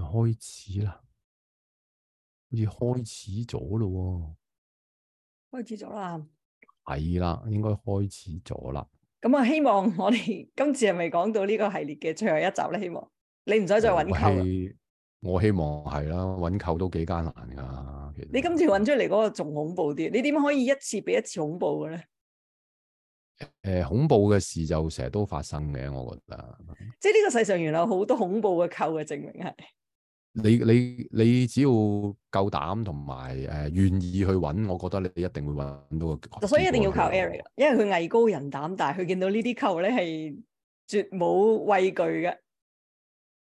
開始啦，好似開始咗咯，開始咗啦，係啦，應該開始咗啦。咁啊，希望我哋今次係咪講到呢個系列嘅最後一集咧？希望你唔使再揾扣，我希望係啦，揾扣都幾艱難噶。其實你今次揾出嚟嗰個仲恐怖啲，你點可以一次比一次恐怖嘅咧？誒、呃，恐怖嘅事就成日都發生嘅，我覺得。即係呢個世上原來好多恐怖嘅扣嘅，證明係。你你你只要夠膽同埋誒願意去揾，我覺得你一定會揾到個扣。所以一定要靠 Eric，因為佢藝高人膽大，佢見到呢啲扣咧係絕冇畏懼嘅。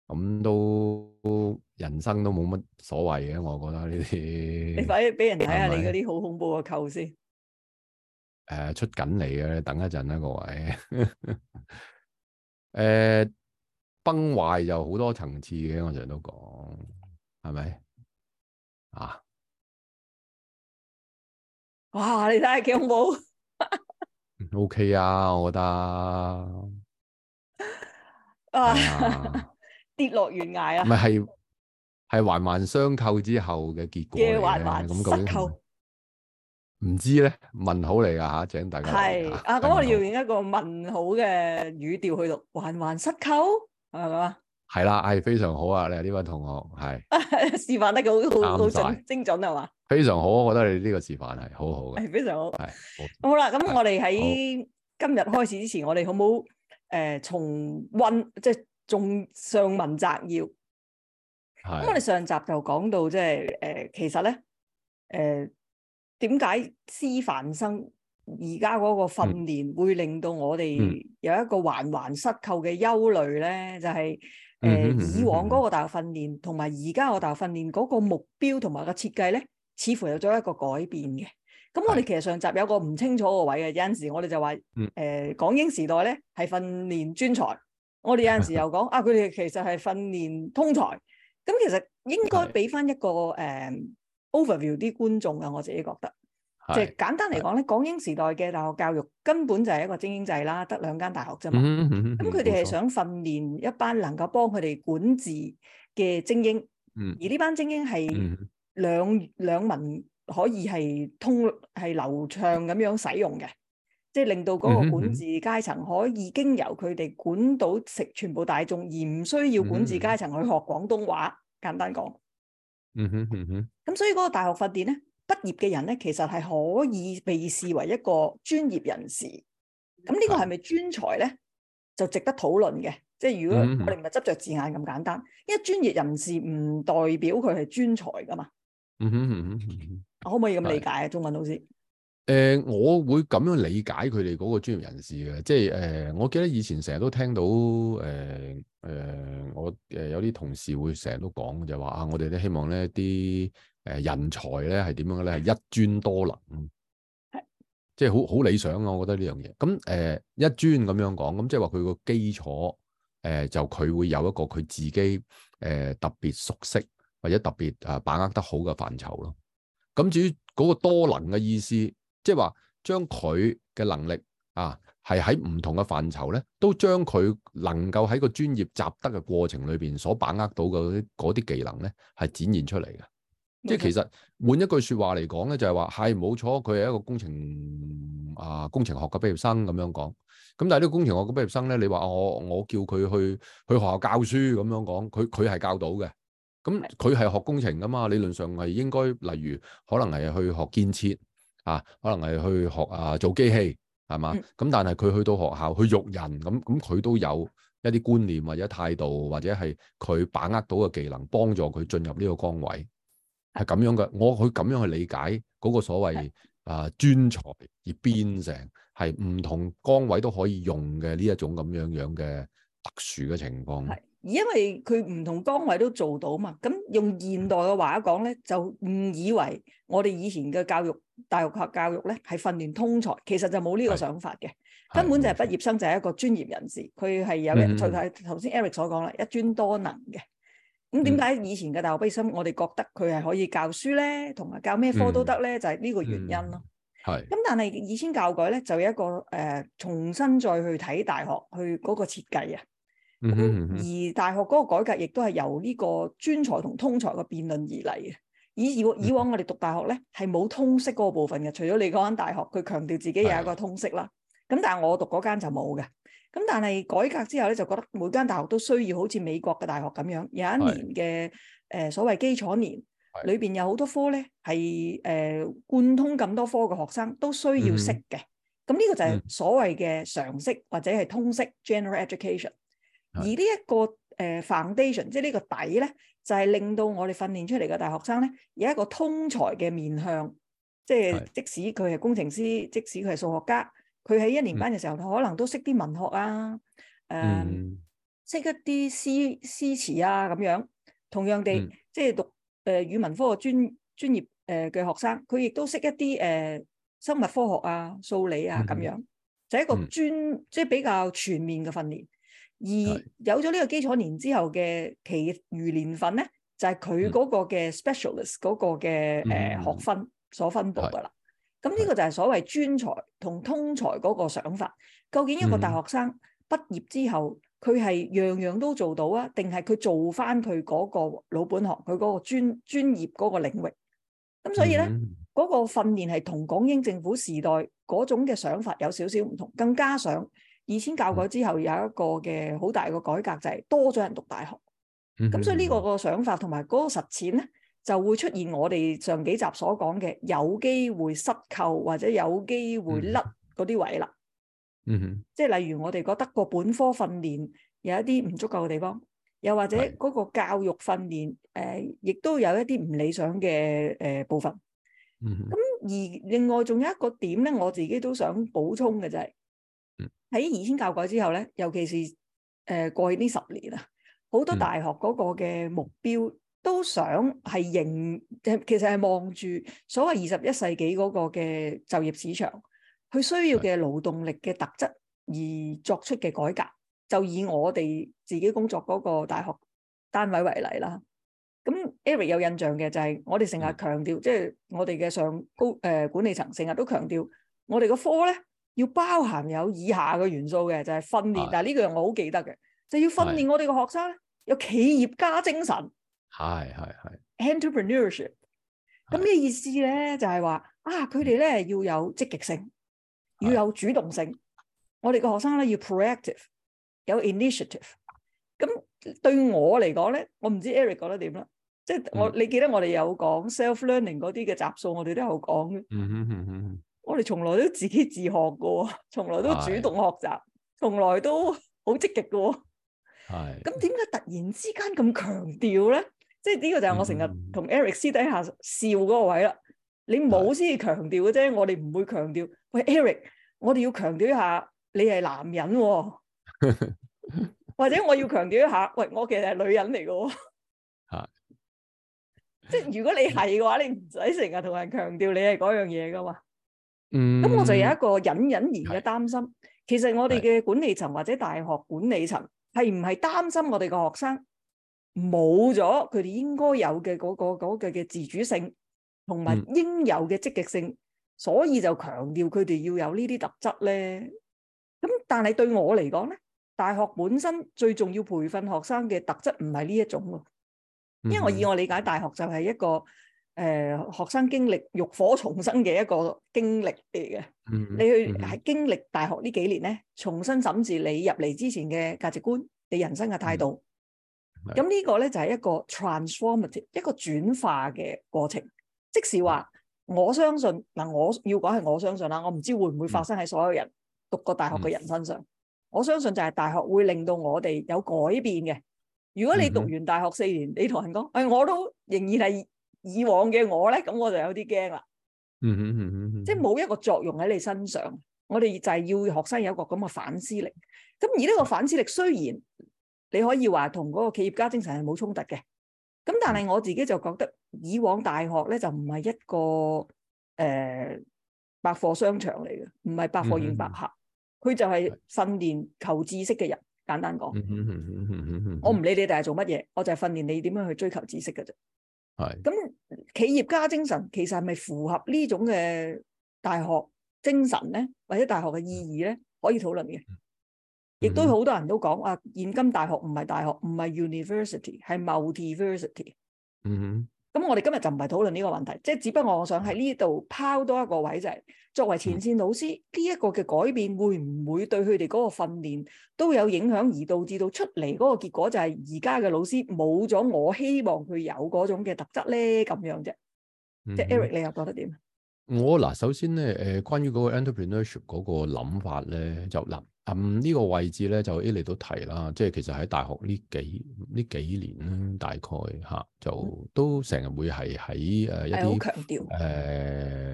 咁都人生都冇乜所謂嘅，我覺得呢啲。你快啲俾人睇下你嗰啲好恐怖嘅扣先。誒、呃、出緊嚟嘅，你等一陣啦，各位。誒、 呃。崩壞有好多層次嘅，我成日都講，係咪？啊！哇！你睇下幾恐怖 ！OK 啊，我覺得啊，啊啊跌落懸崖啊！唔係係環環相扣之後嘅結果嘅，咁究竟唔知咧？問號嚟噶吓，請大家系是號啊！咁我哋要用一個問號嘅語調去讀環環失扣。係嘛？係啦，係、啊、非常好啊！你呢位同學係 示範得好好好準，精準係嘛？非常好，我覺得你呢個示範係好好嘅，係非常好。係好啦，咁我哋喺的今日開始之前，我哋好唔好誒，重溫即係重上文摘要。咁的我哋上集就講到，即係誒，其實咧，誒、呃，點解師範生？而家嗰個訓練會令到我哋有一個環環失扣嘅憂慮咧，就係、是、誒、呃、以往嗰個大學訓練同埋而家個大學訓練嗰個目標同埋個設計咧，似乎有咗一個改變嘅。咁我哋其實上集有個唔清楚個位嘅，有陣時我哋就話誒港英時代咧係訓練專才，我哋有陣時又講 啊佢哋其實係訓練通才。咁其實應該俾翻一個誒的、嗯、overview 啲觀眾啊，我自己覺得。即係簡單嚟講咧，港英時代嘅大學教育根本就係一個精英制啦，得兩間大學啫嘛。咁佢哋係想訓練一班能夠幫佢哋管治嘅精英，嗯、而呢班精英係兩、嗯、兩文可以係通係流暢咁樣使用嘅，即係令到嗰個管治階層可以經由佢哋管到食全部大眾，而唔需要管治階層去學廣東話。簡單講、嗯，嗯哼嗯哼。咁所以嗰個大學訓練咧。畢業嘅人咧，其實係可以被視為一個專業人士。咁呢個係咪專才咧？是的 就值得討論嘅。即係如果我哋唔係執著字眼咁簡單，因為專業人士唔代表佢係專才噶嘛。嗯哼，嗯哼，嗯哼，可唔可以咁理解啊？的中文老師？誒、呃，我會咁樣理解佢哋嗰個專業人士嘅。即係誒、呃，我記得以前成日都聽到誒誒、呃呃，我誒、呃、有啲同事會成日都講就話啊，我哋都希望咧啲。誒人才咧係點樣嘅咧？係一專多能，即係好好理想啊！我覺得呢、呃、樣嘢咁誒一專咁樣講，咁即係話佢個基礎誒、呃、就佢會有一個佢自己誒、呃、特別熟悉或者特別誒把握得好嘅範疇咯。咁至於嗰個多能嘅意思，即係話將佢嘅能力啊，係喺唔同嘅範疇咧，都將佢能夠喺個專業習得嘅過程裏邊所把握到嘅嗰啲啲技能咧，係展現出嚟嘅。即係其實換一句說話嚟講咧，就係話係冇錯，佢係一個工程啊工程學嘅畢業生咁樣講。咁但係呢個工程學嘅畢業生咧，你話我我叫佢去去學校教書咁樣講，佢佢係教到嘅。咁佢係學工程噶嘛？理論上係應該，例如可能係去學建設啊，可能係去學啊做機器係嘛。咁、嗯、但係佢去到學校去育人咁咁，佢都有一啲觀念或者態度，或者係佢把握到嘅技能，幫助佢進入呢個崗位。係咁樣嘅，我可以咁樣去理解嗰、嗰個所謂啊專是、呃、才而變成係唔同崗位都可以用嘅呢一種咁樣樣嘅特殊嘅情況。係，因為佢唔同崗位都做到嘛，咁用現代嘅話講咧，就誤以為我哋以前嘅教育，大學學教育咧係訓練通才，其實就冇呢個想法嘅，是根本就係畢業生是就係一個專業人士，佢係有人就係頭先 Eric 所講啦，一專多能嘅。咁點解以前嘅大學畢業生，我哋覺得佢係可以教書咧，同埋教咩科都得咧，就係、是、呢個原因咯。係、嗯。咁、嗯、但係以前教改咧，就有一個誒、呃、重新再去睇大學，去嗰個設計啊、嗯。嗯、而大學嗰個改革，亦都係由呢個專才同通才嘅辯論而嚟嘅。以以以往我哋讀大學咧，係冇、嗯、通識嗰部分嘅，除咗你嗰間大學，佢強調自己有一個通識啦。咁是但係我讀嗰間就冇嘅。咁但係改革之後咧，就覺得每間大學都需要好似美國嘅大學咁樣，有一年嘅誒是、呃、所謂基礎年，裏邊是有好多科咧係誒貫通咁多科嘅學生都需要識嘅。咁呢個、嗯、就係所謂嘅常識、嗯、或者係通識 （general education）。是而呢一個、這、誒、呃、foundation，即係呢個底咧，就係、是、令到我哋訓練出嚟嘅大學生咧，有一個通才嘅面向，即係、就是、即使佢係工程師，是即使佢係數學家。佢喺一年班嘅時候，佢可能都識啲文學啊，誒、嗯，啊、識一啲詩詩詞啊咁樣。同樣地，即係、嗯、讀誒、呃、語文科專專業誒嘅、呃、學生，佢亦都識一啲誒、呃、生物科學啊、數理啊咁樣。嗯、就係一個專即係比較全面嘅訓練。而有咗呢個基礎年之後嘅其餘年份咧，就係佢嗰個嘅 specialist 嗰、嗯、個嘅誒、呃嗯、學分所分佈噶啦。嗯咁呢個就係所謂專才同通才嗰個想法。究竟一個大學生畢業之後，佢係樣樣都做到啊，定係佢做翻佢嗰個老本行，佢嗰個專專業嗰個領域？咁所以呢，嗰、嗯、個訓練係同港英政府時代嗰種嘅想法有少少唔同。更加上以前教改之後有一個嘅好大個改革，就係、是、多咗人讀大學。咁所以呢個個想法同埋嗰個實踐呢，就會出現我哋上幾集所講嘅，有機會失扣或者有機會甩嗰啲位啦。嗯哼，即係例如我哋覺得個本科訓練有一啲唔足夠嘅地方，又或者嗰個教育訓練誒，亦都有一啲唔理想嘅誒部分。嗯哼，咁而另外仲有一個點咧，我自己都想補充嘅就係，喺二千教改之後咧，尤其是誒過去呢十年啦，好多大學嗰個嘅目標。都想係認，其實係望住所謂二十一世紀嗰個嘅就業市場，佢需要嘅勞動力嘅特質而作出嘅改革。就以我哋自己工作嗰個大學單位為例啦。咁 Eric 有印象嘅就係我哋成日強調，即係、嗯、我哋嘅上高誒、呃、管理層成日都強調我們的呢，我哋嘅科咧要包含有以下嘅元素嘅就係、是、訓練。嗯、但係呢樣我好記得嘅，就要訓練我哋嘅學生咧有企業家精神。係係係。Entrepreneurship 咁咩是意思咧？就係、是、話啊，佢哋咧要有積極性，是要有主動性。我哋個學生咧要 proactive，有 initiative。咁對我嚟講咧，我唔知 Eric 覺得點啦。即、就、係、是、我、嗯、你記得我哋有講 self-learning 嗰啲嘅集數，我哋都有講、嗯。嗯嗯嗯嗯嗯。我哋從來都自己自學噶，從來都主動學習，是從來都好積極噶。係是。咁點解突然之間咁強調咧？即係呢個就係我成日同 Eric 私底下笑嗰個位啦。嗯、你冇先至強調嘅啫，的我哋唔會強調。喂，Eric，我哋要強調一下，你係男人、哦， 或者我要強調一下，喂，我其實係女人嚟噶、哦。吓、啊，即係如果你係嘅話，你唔使成日同人強調你係嗰樣嘢噶嘛。嗯。咁我就有一個隱隱然嘅擔心，的其實我哋嘅管理層或者大學管理層係唔係擔心我哋嘅學生？冇咗佢哋應該有嘅嗰個嗰嘅嘅自主性，同埋應有嘅積極性，所以就強調佢哋要有呢啲特質咧。咁但係對我嚟講咧，大學本身最重要培訓學生嘅特質唔係呢一種喎，因為我以我理解，大學就係一個誒學生經歷浴火重生嘅一個經歷嚟嘅。你去喺經歷大學呢幾年咧，重新審視你入嚟之前嘅價值觀、你人生嘅態度。咁呢個咧就係、是、一個 transformative 一個轉化嘅過程。即使話我相信嗱，我要講係我相信啦，我唔知會唔會發生喺所有人讀過大學嘅人身上。嗯、我相信就係大學會令到我哋有改變嘅。如果你讀完大學四年，嗯、哼你同人講，誒，我都仍然係以往嘅我咧，咁我就有啲驚啦。嗯嗯嗯嗯，即係冇一個作用喺你身上。我哋就係要學生有一個咁嘅反思力。咁而呢個反思力雖然，你可以話同嗰個企業家精神係冇衝突嘅，咁但係我自己就覺得以往大學咧就唔係一個誒、呃、百貨商場嚟嘅，唔係百貨院百客，佢、嗯、就係訓練求知識嘅人。嗯、簡單講，嗯嗯嗯嗯、我唔理你哋係做乜嘢，我就係訓練你點樣去追求知識嘅啫。係咁、嗯，企業家精神其實係咪符合呢種嘅大學精神咧，或者大學嘅意義咧，可以討論嘅。亦都好多人都講啊，現今大學唔係大學，唔係 university，係 multiversity。嗯哼，咁我哋今日就唔係討論呢個問題，即、就、係、是、只不過我想喺呢度拋多一個位，就係、是、作為前線老師，呢一、嗯、個嘅改變會唔會對佢哋嗰個訓練都有影響，而導致到出嚟嗰個結果就係而家嘅老師冇咗我希望佢有嗰種嘅特質咧，咁樣啫。即係、嗯、哼 Eric，你又覺得點？我嗱，首先咧，誒，關於嗰個 entrepreneurship 嗰個諗法咧，就嗱。嗯，呢、這個位置咧就一嚟 y 都提啦，即係其實喺大學呢幾呢幾年咧，大概嚇、啊、就都成日會係喺誒一啲強調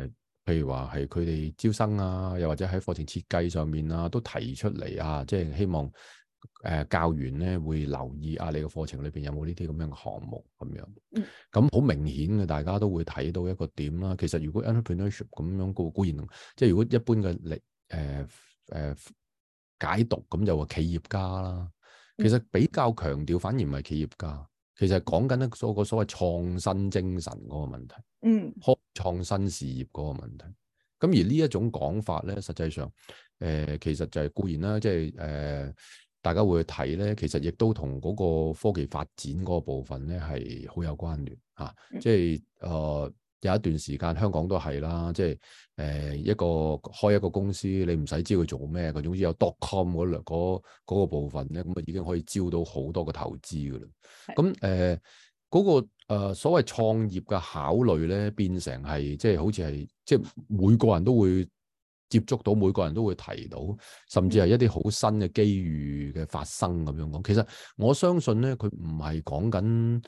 誒，譬如話係佢哋招生啊，又或者喺課程設計上面啊，都提出嚟啊，即係希望誒、呃、教員咧會留意啊，你嘅課程裏邊有冇呢啲咁樣嘅項目咁樣。咁好、嗯、明顯嘅，大家都會睇到一個點啦。其實如果 Entrepreneurship 咁樣固固然，即係如果一般嘅力誒誒。呃呃解讀咁就話企業家啦，其實比較強調反而唔係企業家，其實係講緊咧所個所謂創新精神嗰個問題，嗯，創創新事業嗰個問題。咁而這呢一種講法咧，實際上誒、呃，其實就係固然啦，即係誒、呃，大家會去睇咧，其實亦都同嗰個科技發展嗰個部分咧係好有關聯、啊、即係誒。呃有一段時間香港都係啦，即係誒、呃、一個開一個公司，你唔使知佢做咩，嗰總之有 dotcom 嗰、嗰個嗰個部分咧，咁啊已經可以招到好多個投資噶啦。咁誒嗰個誒所謂創業嘅考慮咧，變成係即係好似係即係每個人都會接觸到，每個人都會提到，甚至係一啲好新嘅機遇嘅發生咁樣講。其實我相信咧，佢唔係講緊。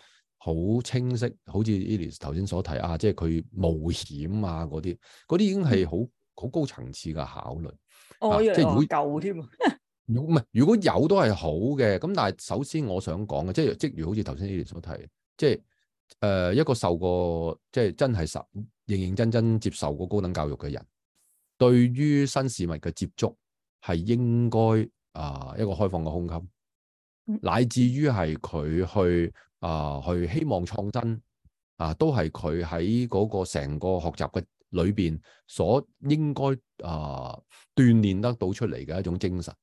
好清晰，好似 Elias 頭先所提啊，即係佢冒險啊嗰啲，嗰啲已經係好好高層次嘅考慮，即係唔夠舊添啊，哦、如果唔係舊 如，如果有都係好嘅，咁但係首先我想講嘅，即係即如好似頭先 Elias 所提，即係誒、呃、一個受過即係真係實認認真真接受過高等教育嘅人，對於新事物嘅接觸係應該啊一個開放嘅胸襟，嗯、乃至於係佢去。啊，去希望創新，啊，都係佢喺嗰個成個學習嘅裏邊，所應該啊鍛煉得到出嚟嘅一種精神。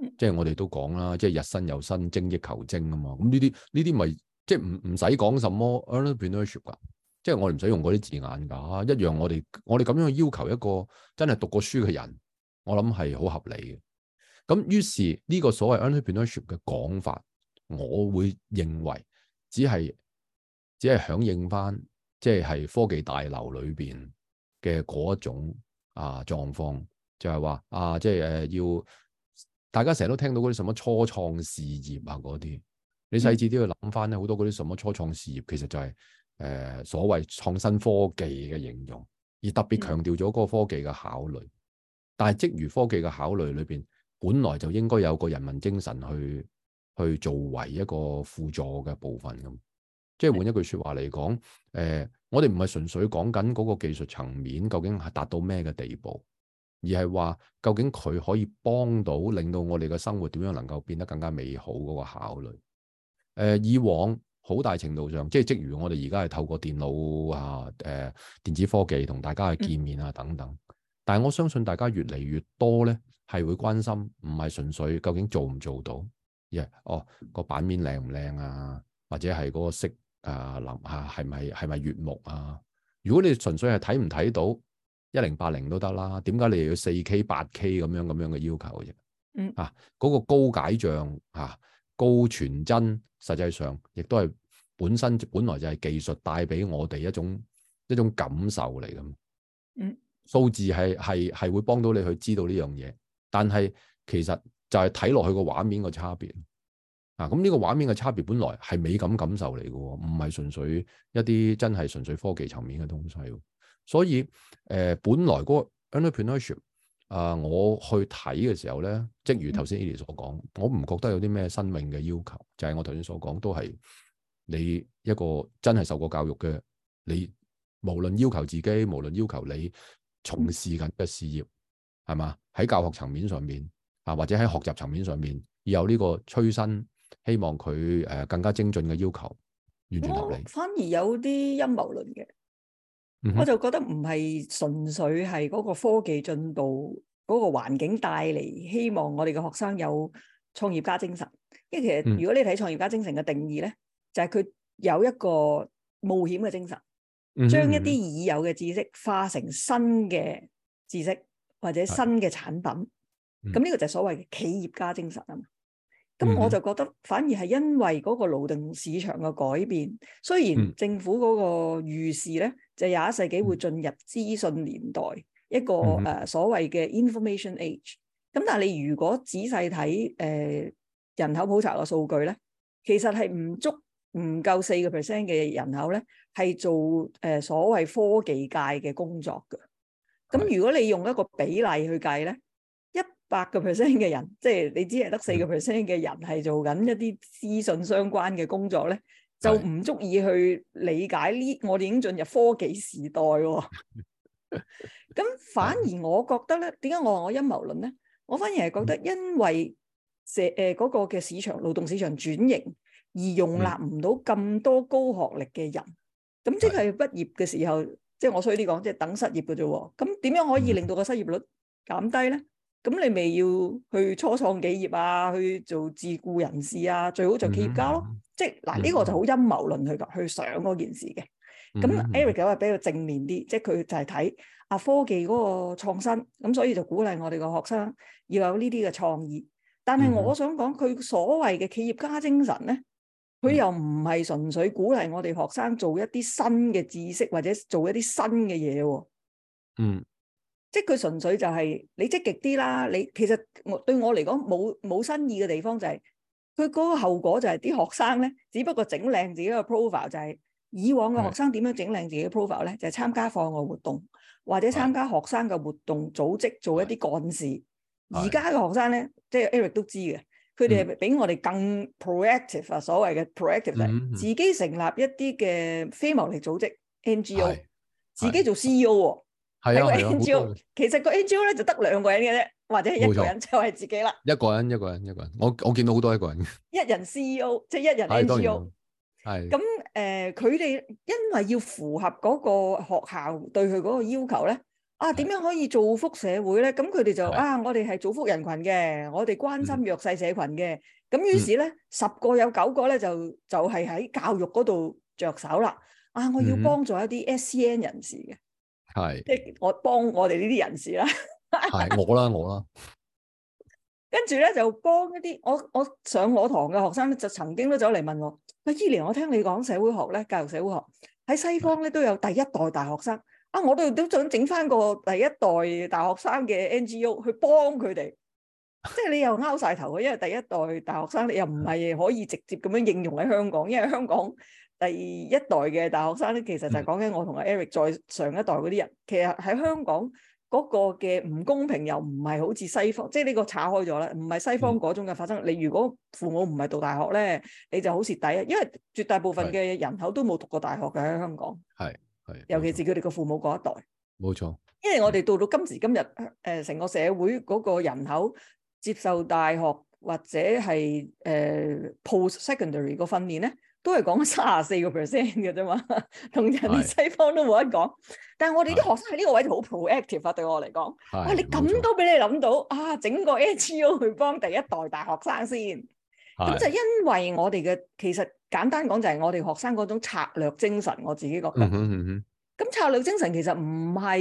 嗯、即係我哋都講啦，即、就、係、是、日新又新，精益求精啊嘛。咁呢啲呢啲咪即係唔唔使講什麼 entrepreneurship 噶，即係我哋唔使用嗰啲字眼噶，一樣我哋我哋咁樣要求一個真係讀過書嘅人，我諗係好合理嘅。咁、嗯、於是呢、這個所謂 entrepreneurship 嘅講法，我會認為。只係只係響應翻，即、就、係、是、科技大樓裏面嘅嗰種啊狀況，就係、是、話啊，即係要大家成日都聽到嗰啲什麼初創事業啊嗰啲，你細緻都要諗翻咧，好多嗰啲什麼初創事業其實就係、是、誒、呃、所謂創新科技嘅應用，而特別強調咗嗰個科技嘅考慮。但係，即如科技嘅考慮裏面，本來就應該有個人文精神去。去做為一個輔助嘅部分咁，即係換一句說話嚟講，誒、呃，我哋唔係純粹講緊嗰個技術層面究竟係達到咩嘅地步，而係話究竟佢可以幫到，令到我哋嘅生活點樣能夠變得更加美好嗰個考慮。誒、呃，以往好大程度上即係，即如我哋而家係透過電腦啊，誒、呃，電子科技同大家去見面啊等等，嗯、但係我相信大家越嚟越多咧，係會關心唔係純粹究竟做唔做到。Yeah, 哦，個版面靚唔靚啊？或者係嗰個色啊林、呃、啊，係咪係咪悦目啊？如果你純粹係睇唔睇到一零八零都得啦，點解你又要四 K 八 K 咁樣咁樣嘅要求嘅啫？嗯啊，嗰、個高解像啊，高傳真，實際上亦都係本身本來就係技術帶俾我哋一種一種感受嚟咁。嗯，數字係係係會幫到你去知道呢樣嘢，但係其實。就係睇落去嘅畫面嘅差、啊、呢個畫面個差別啊！咁呢個畫面嘅差別，本來係美感感受嚟嘅，唔係純粹一啲真係純粹科技層面嘅東西。所以誒、呃，本來嗰個 entrepreneurship 啊，我去睇嘅時候咧，即如頭先 Ellie 所講，我唔覺得有啲咩新穎嘅要求，就係、係、我頭先所講，都係你一個真係受過教育嘅你，無論要求自己，無論要求你從事緊嘅事業，係嘛？喺教學層面上面。啊，或者喺學習層面上面有呢個催生，希望佢誒、呃、更加精進嘅要求，完全合理、哦、反而有啲陰謀論嘅，嗯、哼我就覺得唔係純粹係嗰個科技進步嗰、嗰個環境帶嚟，希望我哋嘅學生有創業家精神。因為其實如果你睇創業家精神嘅定義咧，嗯、哼就係佢有一個冒險嘅精神，嗯、哼將一啲已有嘅知識化成新嘅知識或者新嘅產品。咁呢個就係所謂嘅企業家精神啊嘛。咁我就覺得反而係因為嗰個勞動市場嘅改變，雖然政府嗰個預示咧，就廿一世紀會進入資訊年代一個、呃、所謂嘅 information age。咁但係你如果仔細睇、呃、人口普查嘅數據咧，其實係唔足唔夠四個 percent 嘅人口咧係做、呃、所謂科技界嘅工作嘅。咁如果你用一個比例去計咧？一百個 percent 嘅人，即係你只係得四個 percent 嘅人係做緊一啲資訊相關嘅工作咧，就唔足以去理解呢。我哋已經進入科技時代喎。咁 反而我覺得咧，點解我話我陰謀論咧？我反而係覺得，因為社誒嗰個嘅市場、勞動市場轉型而容納唔到咁多高學歷嘅人，咁即係畢業嘅時候，即係我衰啲講，即係等失業嘅啫喎。咁點樣可以令到個失業率減低咧？咁你咪要去初創企業啊，去做自僱人士啊，最好做企業家咯。Mm hmm. 即係嗱呢個就好陰謀論去去想嗰件事嘅。咁 Eric 嘅話比較正面啲，mm hmm. 即係佢就係睇啊科技嗰個創新，咁所以就鼓勵我哋個學生要有呢啲嘅創意。但係我想講佢、mm hmm. 所謂嘅企業家精神咧，佢又唔係純粹鼓勵我哋學生做一啲新嘅知識或者做一啲新嘅嘢。嗯、mm。Hmm. 即係佢純粹就係你積極啲啦，你其實我對我嚟講冇冇新意嘅地方就係佢嗰個後果就係啲學生咧，只不過整靚自己個 profile 就係以往嘅學生點樣整靚自己 profile 咧，是就係參加課外活動或者參加學生嘅活動是組織做一啲幹事。而家嘅學生咧，即、就、係、是、Eric 都知嘅，佢哋係比我哋更 proactive 啊、嗯，所謂嘅 proactive、嗯、自己成立一啲嘅非牟利組織 NGO，是自己做 CEO。係啊，個 NGO 其實個 NGO 咧就得兩個人嘅啫，或者係一個人就係自己啦。一個人，一個人，一個人。我我見到好多一個人。一人 C. E. O. 即係一人 NGO 係。咁誒，佢哋因為要符合嗰個學校對佢嗰個要求咧，啊，點樣可以造福社會咧？咁佢哋就啊，我哋係造福人群嘅，我哋關心弱勢社群嘅。咁於是咧，十個有九個咧就就係喺教育嗰度着手啦。啊，我要幫助一啲 SEN 人士嘅。係，即係是我幫我哋呢啲人士啦。係 我啦，我啦。跟住咧就幫一啲我我上我堂嘅學生咧，就曾經都走嚟問我，依連我聽你講社會學咧，教育社會學喺西方咧都有第一代大學生是啊！我都想整返個第一代大學生嘅 NGO 去幫佢哋。 即係你又拗晒頭，因為第一代大學生你又唔係可以直接咁樣應用喺香港，因為香港。第一代嘅大學生咧，其實就係講緊我同阿 Eric 再上一代嗰啲人。嗯、其實喺香港嗰、嗰個嘅唔公平又唔係好似西方，即係呢個岔開咗啦，唔係西方嗰種嘅發生。嗯、你如果父母唔係讀大學咧，你就好蝕底啊，因為絕大部分嘅人口都冇讀過大學嘅喺是香港。係係，尤其是佢哋嘅父母嗰一代。冇錯錯，因為我哋到到今時今日，誒成、嗯呃、個社會嗰個人口接受大學或者係誒、呃、post secondary 個訓練咧。都係講卅四個 percent 嘅啫嘛，同人哋西方都冇得講。是但係我哋啲學生喺呢個位置好 proactive 啊，對我嚟講，哇是、哎！你咁都俾你諗到錯啊，整個 HCO 去幫第一代大學生先，咁是就因為我哋嘅其實簡單講就係我哋學生嗰種策略精神，我自己覺得。嗯咁、嗯、策略精神其實唔係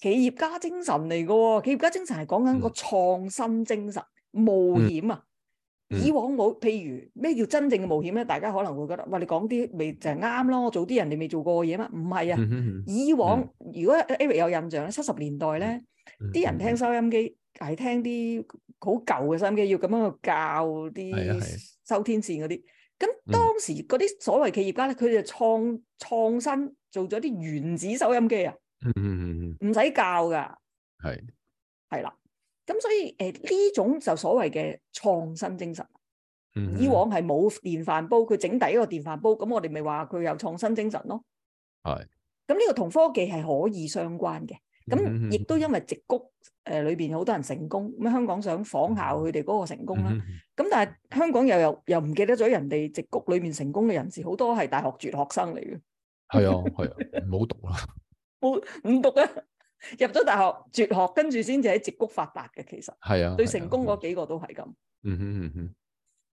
企業家精神嚟嘅喎，企業家精神係講緊個創新精神、嗯、冒險啊。以往冇，譬如咩叫真正嘅冒險咧？大家可能會覺得，「喂，你講啲未就係、是、啱咯，做啲人哋未做過嘅嘢嘛。」唔係啊，以往、嗯嗯、如果 Eric 有印象咧，七十年代咧，啲、嗯嗯、人聽收音機係、嗯嗯、聽啲好舊嘅收音機，要咁樣去教啲收天線嗰啲。咁當時嗰啲所謂企業家咧，佢哋就創創新做咗啲原子收音機啊，唔使、嗯嗯、教噶，係係啦。咁所以誒呢種就所謂嘅創新精神，以往係冇電飯煲，佢整第一個電飯煲，咁我哋咪話佢有創新精神咯。係。咁呢個同科技係可以相關嘅，咁亦都因為矽谷誒裏邊好多人成功，咁香港想仿效佢哋嗰個成功啦。咁但係香港又又又唔記得咗人哋矽谷裏邊成功嘅人士，好多係大學輟學生嚟嘅。係啊，係啊，唔好讀啦，唔唔讀啊。入咗大學，絕學跟住先至喺直谷發達嘅，其實係啊，最成功嗰幾個都係咁、嗯。嗯嗯嗯嗯，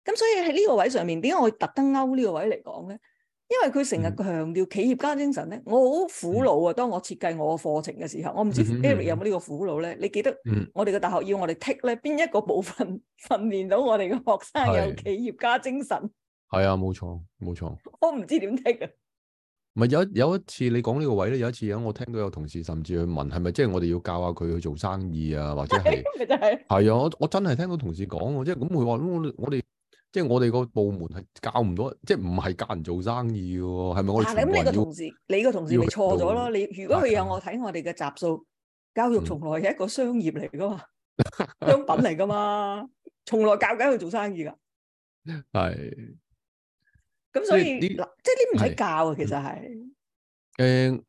咁所以喺呢個位上面，點解我特登勾呢個位嚟講咧？因為佢成日強調企業家精神咧，嗯、我好苦惱啊！嗯、當我設計我個課程嘅時候，我唔知 Eric、嗯、哼有冇呢個苦惱咧？嗯、哼你記得我哋嘅大學要我哋剔咧，邊一個部分訓練到我哋嘅學生有企業家精神？係啊，冇錯，冇錯。我唔知點剔啊！唔係有有一次你講呢個位咧，有一次啊，我聽到有同事甚至去問，係咪即係我哋要教下佢去做生意啊，或者係，咁咪係。係啊，我真係聽到同事講，即係咁佢話，咁我我哋即係我哋個部門係教唔到，即係唔係教人做生意嘅，係咪我哋？咁你個同事，要你個同事咪錯咗咯。到你如果佢有我睇，我哋嘅集數教育從來係一個商業嚟噶嘛， 商品嚟噶嘛，從來教緊佢做生意噶。係。咁所以這即係你唔使教啊，是其實係誒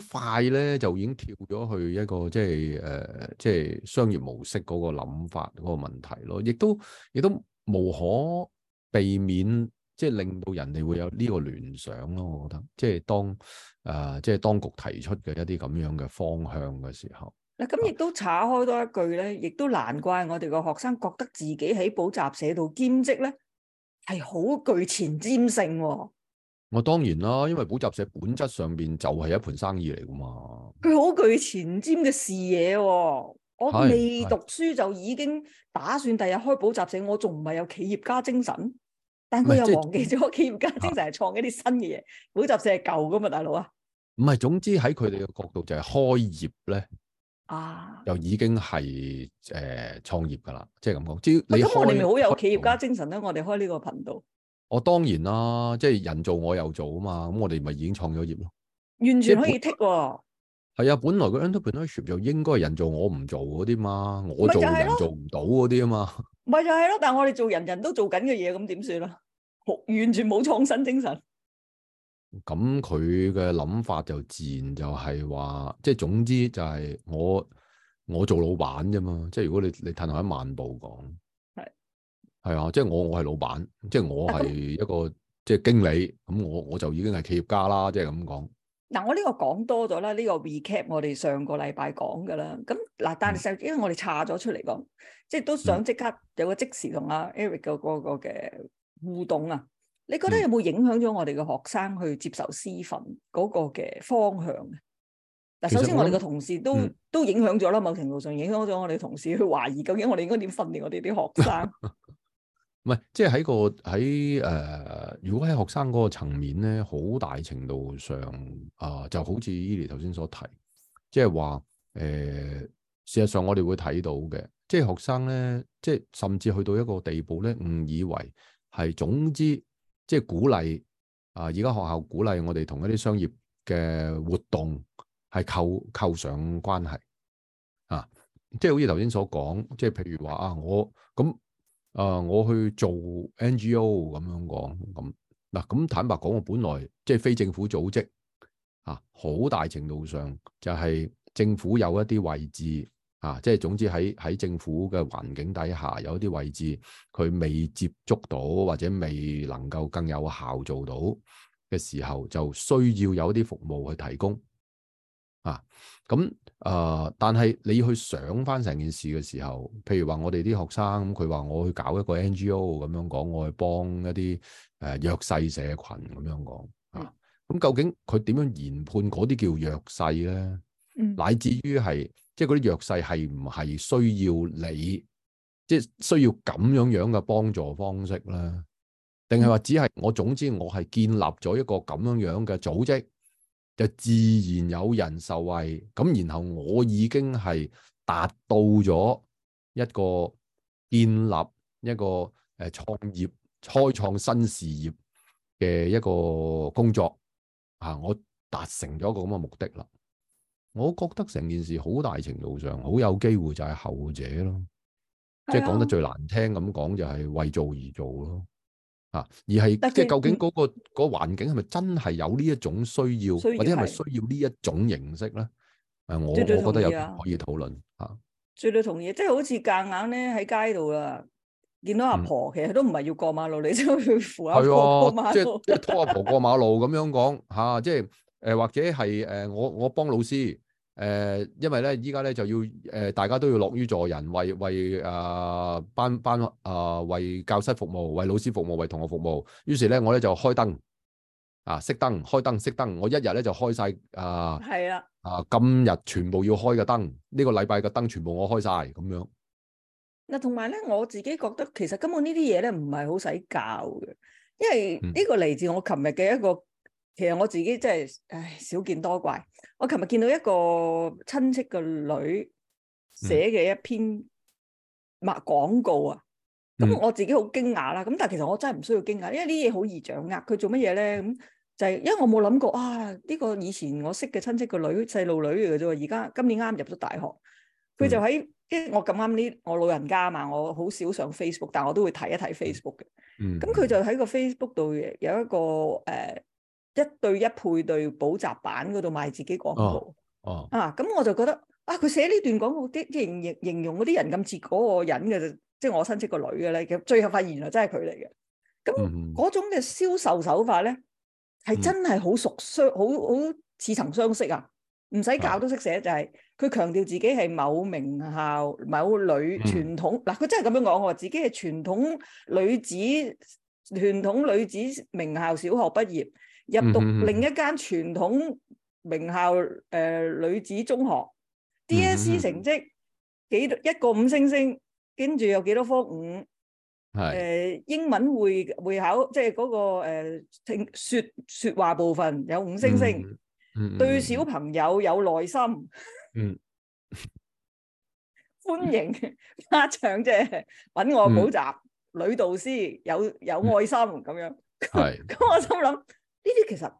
好快咧就已經跳咗去一個即係誒、呃、即係商業模式嗰個諗法嗰、那個問題咯，亦都亦都無可避免，即、就、係、是、令到人哋會有呢個聯想咯。我覺得即係當誒、呃、即係當局提出嘅一啲咁樣嘅方向嘅時候，嗱咁亦都岔開多一句咧，亦、啊、都難怪我哋個學生覺得自己喺補習社度兼職咧。係好具前瞻性喎、哦！我當然啦，因為補習社本質上邊就係一盤生意嚟㗎嘛。佢好具前瞻嘅視野喎、哦，是我未讀書就已經打算第日開補習社，我仲唔係有企業家精神？但佢是又忘記咗企業家精神係創一啲新嘅嘢，的補習社係舊㗎嘛，大佬啊！唔係，總之喺佢哋嘅角度就係開業咧。啊！又已經係誒創業噶啦，即係咁講。只要你開，咁我哋咪好有企業家精神咧。我哋開呢個頻道，我、哦、當然啦，即係人做我又做啊嘛。咁我哋咪已經創咗業咯。完全可以剔。係啊，本來個 entrepreneurship 就應該係人做我唔做嗰啲嘛，我做人做唔到嗰啲啊嘛。咪就係咯， 但係我哋做人人都做緊嘅嘢，咁點算啊？完全冇創新精神。咁佢嘅諗法就自然就係話，即、就、係、是、總之就係我我做老闆啫嘛，即係如果你你褪後一萬步講，係係是啊，即係我我係老闆，即係我係一個、啊、即係經理，咁我我就已經係企業家啦，即係咁講。嗱、啊，我呢個講多咗啦，呢、這個 recap 我哋上個禮拜講噶啦，咁嗱、啊，但係因為我哋岔咗出嚟講，嗯、即係都想即刻有個即時同阿 Eric 個個個嘅互動啊。你覺得有冇影響咗我哋嘅學生去接受師訓嗰個嘅方向？嗱，首先我哋嘅同事都、嗯、都影響咗啦。某程度上影響咗我哋同事去懷疑究竟我哋應該點訓練我哋啲學生？唔係即係喺個喺誒、呃，如果喺學生嗰個層面咧，好大程度上啊、呃，就好似 Eli 頭先所提，即係話誒，事實上我哋會睇到嘅，即係學生咧，即係甚至去到一個地步咧，誤以為係總之。即係鼓勵啊！而家學校鼓勵我哋同一啲商業嘅活動係扣扣上關係啊！即係好似頭先所講，即係譬如話啊，我咁啊，我去做 NGO 咁樣講咁嗱，咁坦白講，我本來即係非政府組織啊，好大程度上就係政府有一啲位置。啊，即係總之喺喺政府嘅環境底下，有啲位置佢未接觸到，或者未能夠更有效做到嘅時候，就需要有啲服務去提供啊。咁誒、呃，但係你去想翻成件事嘅時候，譬如話我哋啲學生，佢話我去搞一個 NGO 咁樣講，我去幫一啲誒、呃、弱勢社群咁樣講啊。咁究竟佢點樣研判嗰啲叫弱勢咧？嗯，乃至于係。即係嗰啲弱勢係唔係需要你，即係需要咁樣樣嘅幫助方式咧？定係話只係我總之我係建立咗一個咁樣樣嘅組織，就自然有人受惠。咁然後我已經係達到咗一個建立一個誒創業開創新事業嘅一個工作啊，我達成咗一個咁嘅目的啦。我覺得成件事好大程度上好有機會就係後者咯，即係講得最難聽咁講就係為做而做咯，啊而係即係究竟嗰個環境係咪真係有呢一種需要，或者係咪需要呢一種形式咧？誒，我我覺得有可以討論吓。絕對同意，即係好似夾硬咧喺街度啦，見到阿婆，其實都唔係要過馬路，你都要扶下過馬路，即係即係拖阿婆過馬路咁樣講吓，即係。誒、呃，或者係誒、呃，我我幫老師誒、呃，因為咧依家咧就要誒、呃，大家都要樂於助人，為為啊、呃、班班啊、呃、為教室服務，為老師服務，為同學服務。於是咧，我咧就開燈啊，熄燈，開燈，熄燈。我一日咧就開晒啊，係啦的啊，今日全部要開嘅燈，呢、這個禮拜嘅燈全部我開晒咁樣。嗱，同埋咧，我自己覺得其實根本呢啲嘢咧唔係好使教嘅，因為呢個嚟自我琴日嘅一個。其實我自己真係唉少見多怪。我琴日見到一個親戚個女寫嘅一篇賣廣告啊，咁、嗯、我自己好驚訝啦。咁但係其實我真係唔需要驚訝，因為呢啲嘢好易掌握。佢做乜嘢咧？咁就係因為我冇諗過啊！呢、呢個以前我識嘅親戚個女細路女嚟嘅啫，而家今年啱入咗大學，佢就喺即係我咁啱呢，我老人家嘛，我好少上 Facebook，但我都會睇一睇 Facebook 嘅。咁佢、嗯、就喺個 Facebook 度有一個誒。呃一對一配對補習版嗰度賣自己廣告，哦哦、啊，咁我就覺得啊，佢寫呢段廣告啲，即係形容嗰啲人咁似嗰個人嘅，就即、是、係我親戚個女嘅咧。最後發現原來真係佢嚟嘅，咁嗰、嗯、種嘅銷售手法咧係真係好熟相，好好、嗯、似曾相識啊！唔使教都識寫，就係、是、佢強調自己係某名校某女、嗯、傳統，嗱、啊，佢真係咁樣講，話自己係傳統女子傳統女子名校小學畢業。入讀另一間傳統名校誒女子中學，DSE 成績幾一個五星星，跟住有幾多科五，誒英文會會考，即係嗰個誒聽說說話部分有五星星，對小朋友有耐心，歡迎家長即係搵我補習，女導師有有愛心咁樣，咁我心諗。呢啲其實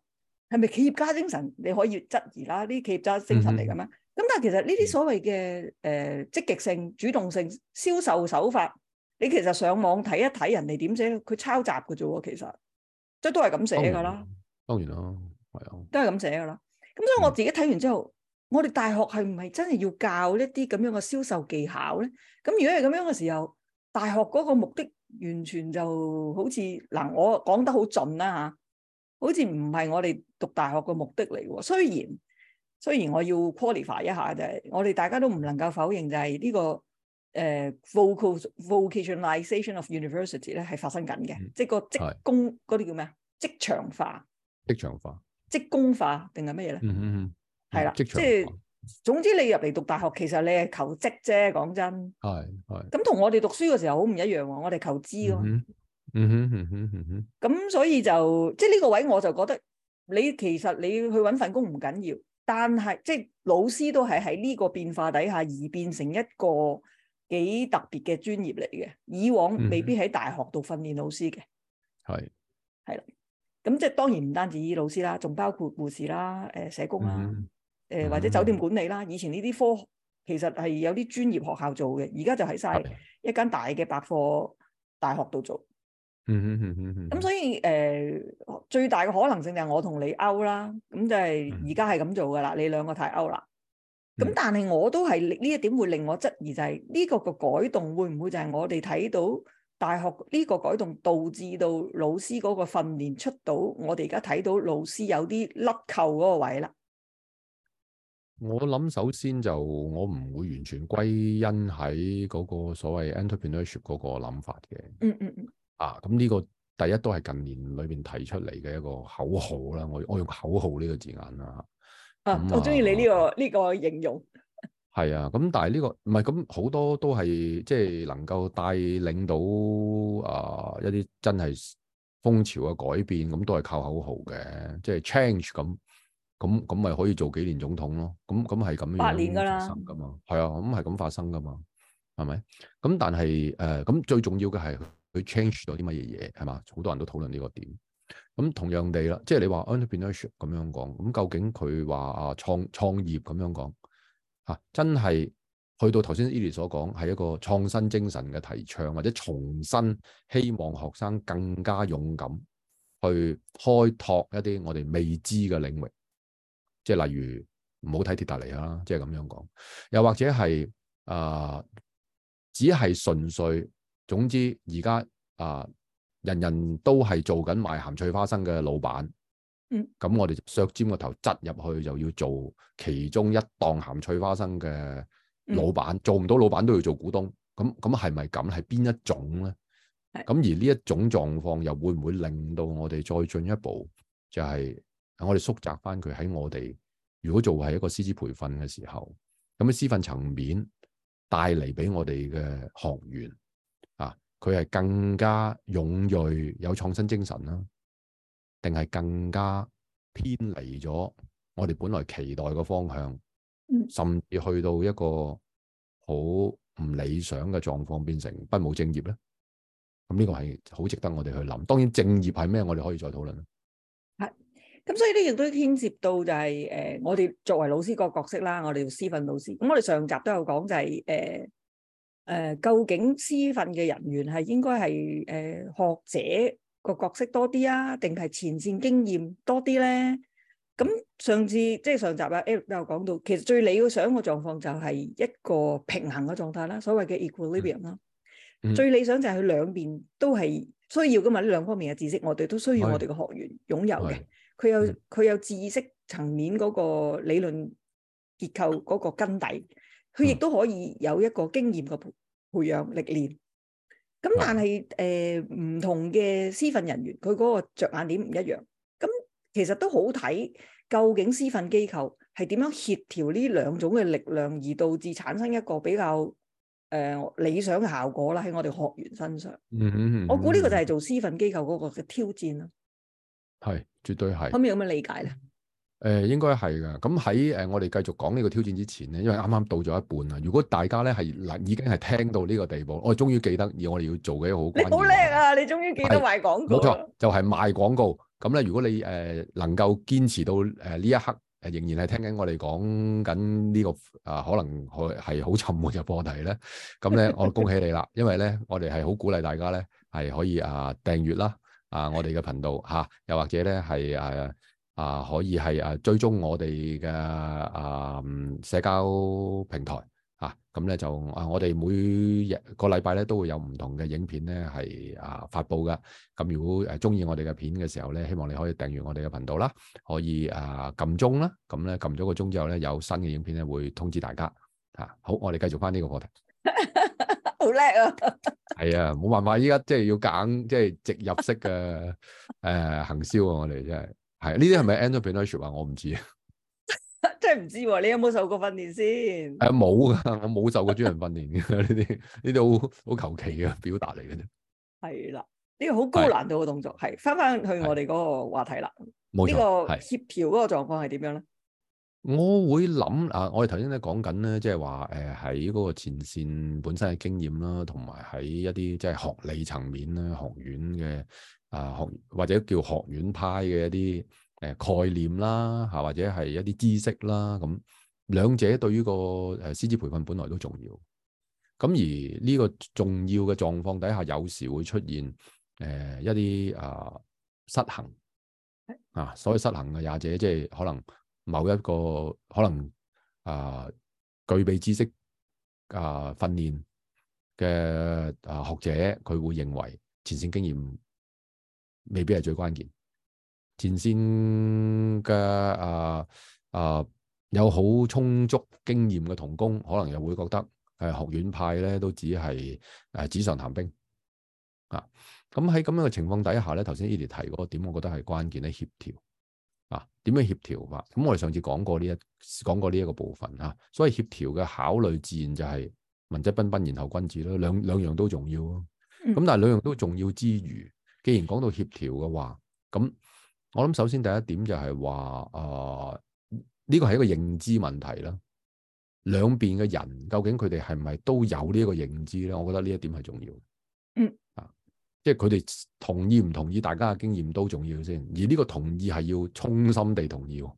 係咪企業家精神？你可以質疑啦，呢啲企業家精神嚟噶咩？咁、嗯、哼但係其實呢啲所謂嘅誒積極性、主動性、銷售手法，你其實上網睇一睇人哋點寫，佢抄襲噶啫喎，其實即係都係咁寫噶啦，當然咯，係啊，都係咁寫噶啦。咁所以我自己睇完之後，我哋大學係唔係真係要教一啲咁樣嘅銷售技巧咧？咁如果係咁樣嘅時候，大學嗰個目的完全就好似嗱，我講得好盡啦吓。好似唔係我哋讀大學嘅目的嚟喎，雖然雖然我要 qualify 一下就係，我哋大家都唔能夠否認就係呢個誒 vocationalization of university 咧係發生緊嘅，嗯、即係個職工嗰啲係叫咩啊？職場化，職場化，職工化定係咩咧？嗯嗯嗯，係啦，職即係總之你入嚟讀大學，其實你係求職啫，講真。係係。咁同我哋讀書嘅時候好唔一樣喎，我哋求知咯。嗯嗯嗯哼嗯哼嗯哼，咁所以就即係呢個位，我就覺得你其實你去搵份工唔緊要，但係即係老師都係喺呢個變化底下而變成一個幾特別嘅專業嚟嘅。以往未必喺大學度訓練老師嘅，係係啦。咁即係當然唔單止老師啦，仲包括護士啦、誒、呃、社工啦、啊，誒、嗯哼呃、或者酒店管理啦。以前呢啲科其實係有啲專業學校做嘅，而家就喺晒一間大嘅百貨大學度做。嗯嗯嗯嗯，咁所以誒、呃，最大嘅可能性就係我同你勾啦。咁就係而家係咁做噶啦。 你兩個太勾啦。咁但係我都係呢一點會令我質疑，就是，就係呢個個改動會唔會就係我哋睇到大學呢個改動導致到老師嗰個訓練出到我哋而家睇到老師有啲甩扣嗰個位啦。我諗首先就我唔會完全歸因喺嗰個所謂 entrepreneurship 嗰個諗法嘅。嗯嗯嗯。啊，咁、這、呢個第一都係近年裏邊提出嚟嘅一個口號啦。我我用口號呢個字眼啦。啊，嗯、我中意你呢、這個呢個形容。係啊，咁但係呢、這個唔係咁，好多都係即係能夠帶領到啊一啲真係風潮嘅改變，咁都係靠口號嘅，即、就、係、是、change 咁咁咁咪可以做幾年總統咯。咁咁係咁樣。八年噶啦。啊、發生噶嘛？係啊，咁係咁發生噶嘛？係、呃、咪？咁但係誒，咁最重要嘅係。佢 change 咗啲乜嘢嘢係嘛？好多人都討論呢個點。咁同樣地啦，即係你話 entrepreneurship 咁樣講，咁究竟佢話啊創創業咁樣講啊，真係去到頭先 Eli 所講，係一個創新精神嘅提倡，或者重新希望學生更加勇敢去開拓一啲我哋未知嘅領域，即係例如唔好睇鐵達尼亞啦，即係咁樣講，又或者係啊、呃，只係純粹。總之而家啊，人人都係做緊賣鹹脆花生嘅老闆，嗯，咁我哋削尖個頭扎入去，就要做其中一檔鹹脆花生嘅老闆。嗯，做唔到老闆都要做股東，咁咁係咪咁？係邊一種咧？咁的而呢一種狀況又會唔會令到我哋再進一步？就係我哋縮窄翻佢喺我哋，如果做係一個師資培訓嘅時候，咁喺師訓層面帶嚟俾我哋嘅學員。佢係更加勇銳有創新精神啦，啊，定係更加偏離咗我哋本來期待嘅方向，嗯、甚至去到一個好唔理想嘅狀況，變成不務正業咧？咁呢個係好值得我哋去諗。當然，正業係咩，我哋可以再討論。係咁，啊，所以呢亦都牽涉到就係、是、誒、呃，我哋作為老師個角色啦，我哋要師訓老師。咁我哋上集都有講就係、是、誒。呃誒，究竟師訓嘅人員係應該係誒、呃、學者個角色多啲啊，定係前線經驗多啲咧？咁上次即係上集啊，Eric 又講到，其實最理想嘅狀況就係一個平衡嘅狀態啦，所謂嘅 equilibrium 啦。嗯、最理想就係佢兩邊都係需要噶嘛，呢兩方面嘅知識，我哋都需要我哋嘅學員擁有嘅。佢有佢有知識層面嗰個理論結構嗰個根底。佢亦都可以有一個經驗嘅培養歷練，咁、嗯、但係誒唔同嘅師訓人員，佢嗰個着眼點唔一樣，咁其實都好睇究竟師訓機構係點樣協調呢兩種嘅力量，而導致產生一個比較誒、呃、理想嘅效果啦，喺我哋學員身上。嗯嗯，嗯我估呢個就係做師訓機構嗰個嘅挑戰啦。係，絕對係。可唔可以咁樣理解咧？誒，應該係噶，咁喺誒，我哋繼續講呢個挑戰之前咧，因為啱啱到咗一半啦。如果大家咧係嗱，已經係聽到呢個地步，我終於記得而我哋要做嘅好關鍵嘅嘢。你好叻啊！你終於記得賣廣告，冇錯，就係、是、賣廣告。咁咧，如果你誒能夠堅持到誒呢一刻，仍然係聽緊我哋講緊呢個啊，可能係係好沉悶嘅課題咧。咁咧，我恭喜你啦， 因為咧我哋係好鼓勵大家咧係可以啊訂閱啦啊我哋嘅頻道吓，又或者咧係誒。啊，可以係啊，追蹤我哋嘅啊社交平台啊，咁咧就啊，我哋每日個禮拜咧都會有唔同嘅影片咧係啊發布嘅。咁、啊、如果誒中意我哋嘅片嘅時候咧，希望你可以訂閱我哋嘅頻道啦，可以啊撳鐘啦，咁咧撳咗個鐘之後咧有新嘅影片咧會通知大家嚇、啊。好，我哋繼續翻呢個話題。好叻 明啊！係 啊，冇辦法，依家即係要揀即係植入式嘅誒、啊、行銷啊！我哋真係～係，呢啲係咪 entrepreneur 啊？我唔知， 真係唔知，啊。你有冇受過訓練先？誒、啊，冇噶，我冇受過專人訓練嘅呢啲，呢啲好好求其嘅表達嚟嘅啫。係啦，呢、這個好高難度嘅動作，係翻翻去我哋嗰個話題啦。冇錯，呢個協調嗰個狀況係點樣咧？我會諗啊，我哋頭先咧講緊咧，即係話誒喺嗰個前線本身嘅經驗啦，同埋喺一啲即係學理層面啦，學院嘅。啊學或者叫學院派嘅一啲誒、呃、概念啦吓、啊，或者係一啲知識啦，咁兩者對呢、這個誒師資培訓本來都重要。咁而呢個重要嘅狀況底下，有時會出現誒、呃、一啲啊、呃、失衡啊，所謂失衡嘅也者即係、就是、可能某一個可能啊、呃、具備知識啊訓練嘅啊學者，佢會認為前線經驗。未必係最關鍵，前線嘅啊啊有好充足經驗嘅同工，可能又會覺得係學院派咧，都只係誒紙上談兵啊。咁喺咁樣嘅情況底下咧，頭先 Eddie 提嗰個點，我覺得係關鍵咧，協調啊，點樣協調？咁我哋上次講過呢一講過呢一個部分、啊、所以協調嘅考慮自然就係文質彬彬，然後君子咯，兩兩樣都重要、啊。咁、嗯、但係兩樣都重要之餘。既然講到協調嘅話，咁我諗首先第一點就係話啊，呢、呃，呢個係一個認知問題啦。兩邊嘅人究竟佢哋係唔係都有呢一個認知咧？我覺得呢一點係重要嘅。嗯，啊，即係佢哋同意唔同意，大家嘅經驗都重要先。而呢個同意係要衷心地同意，係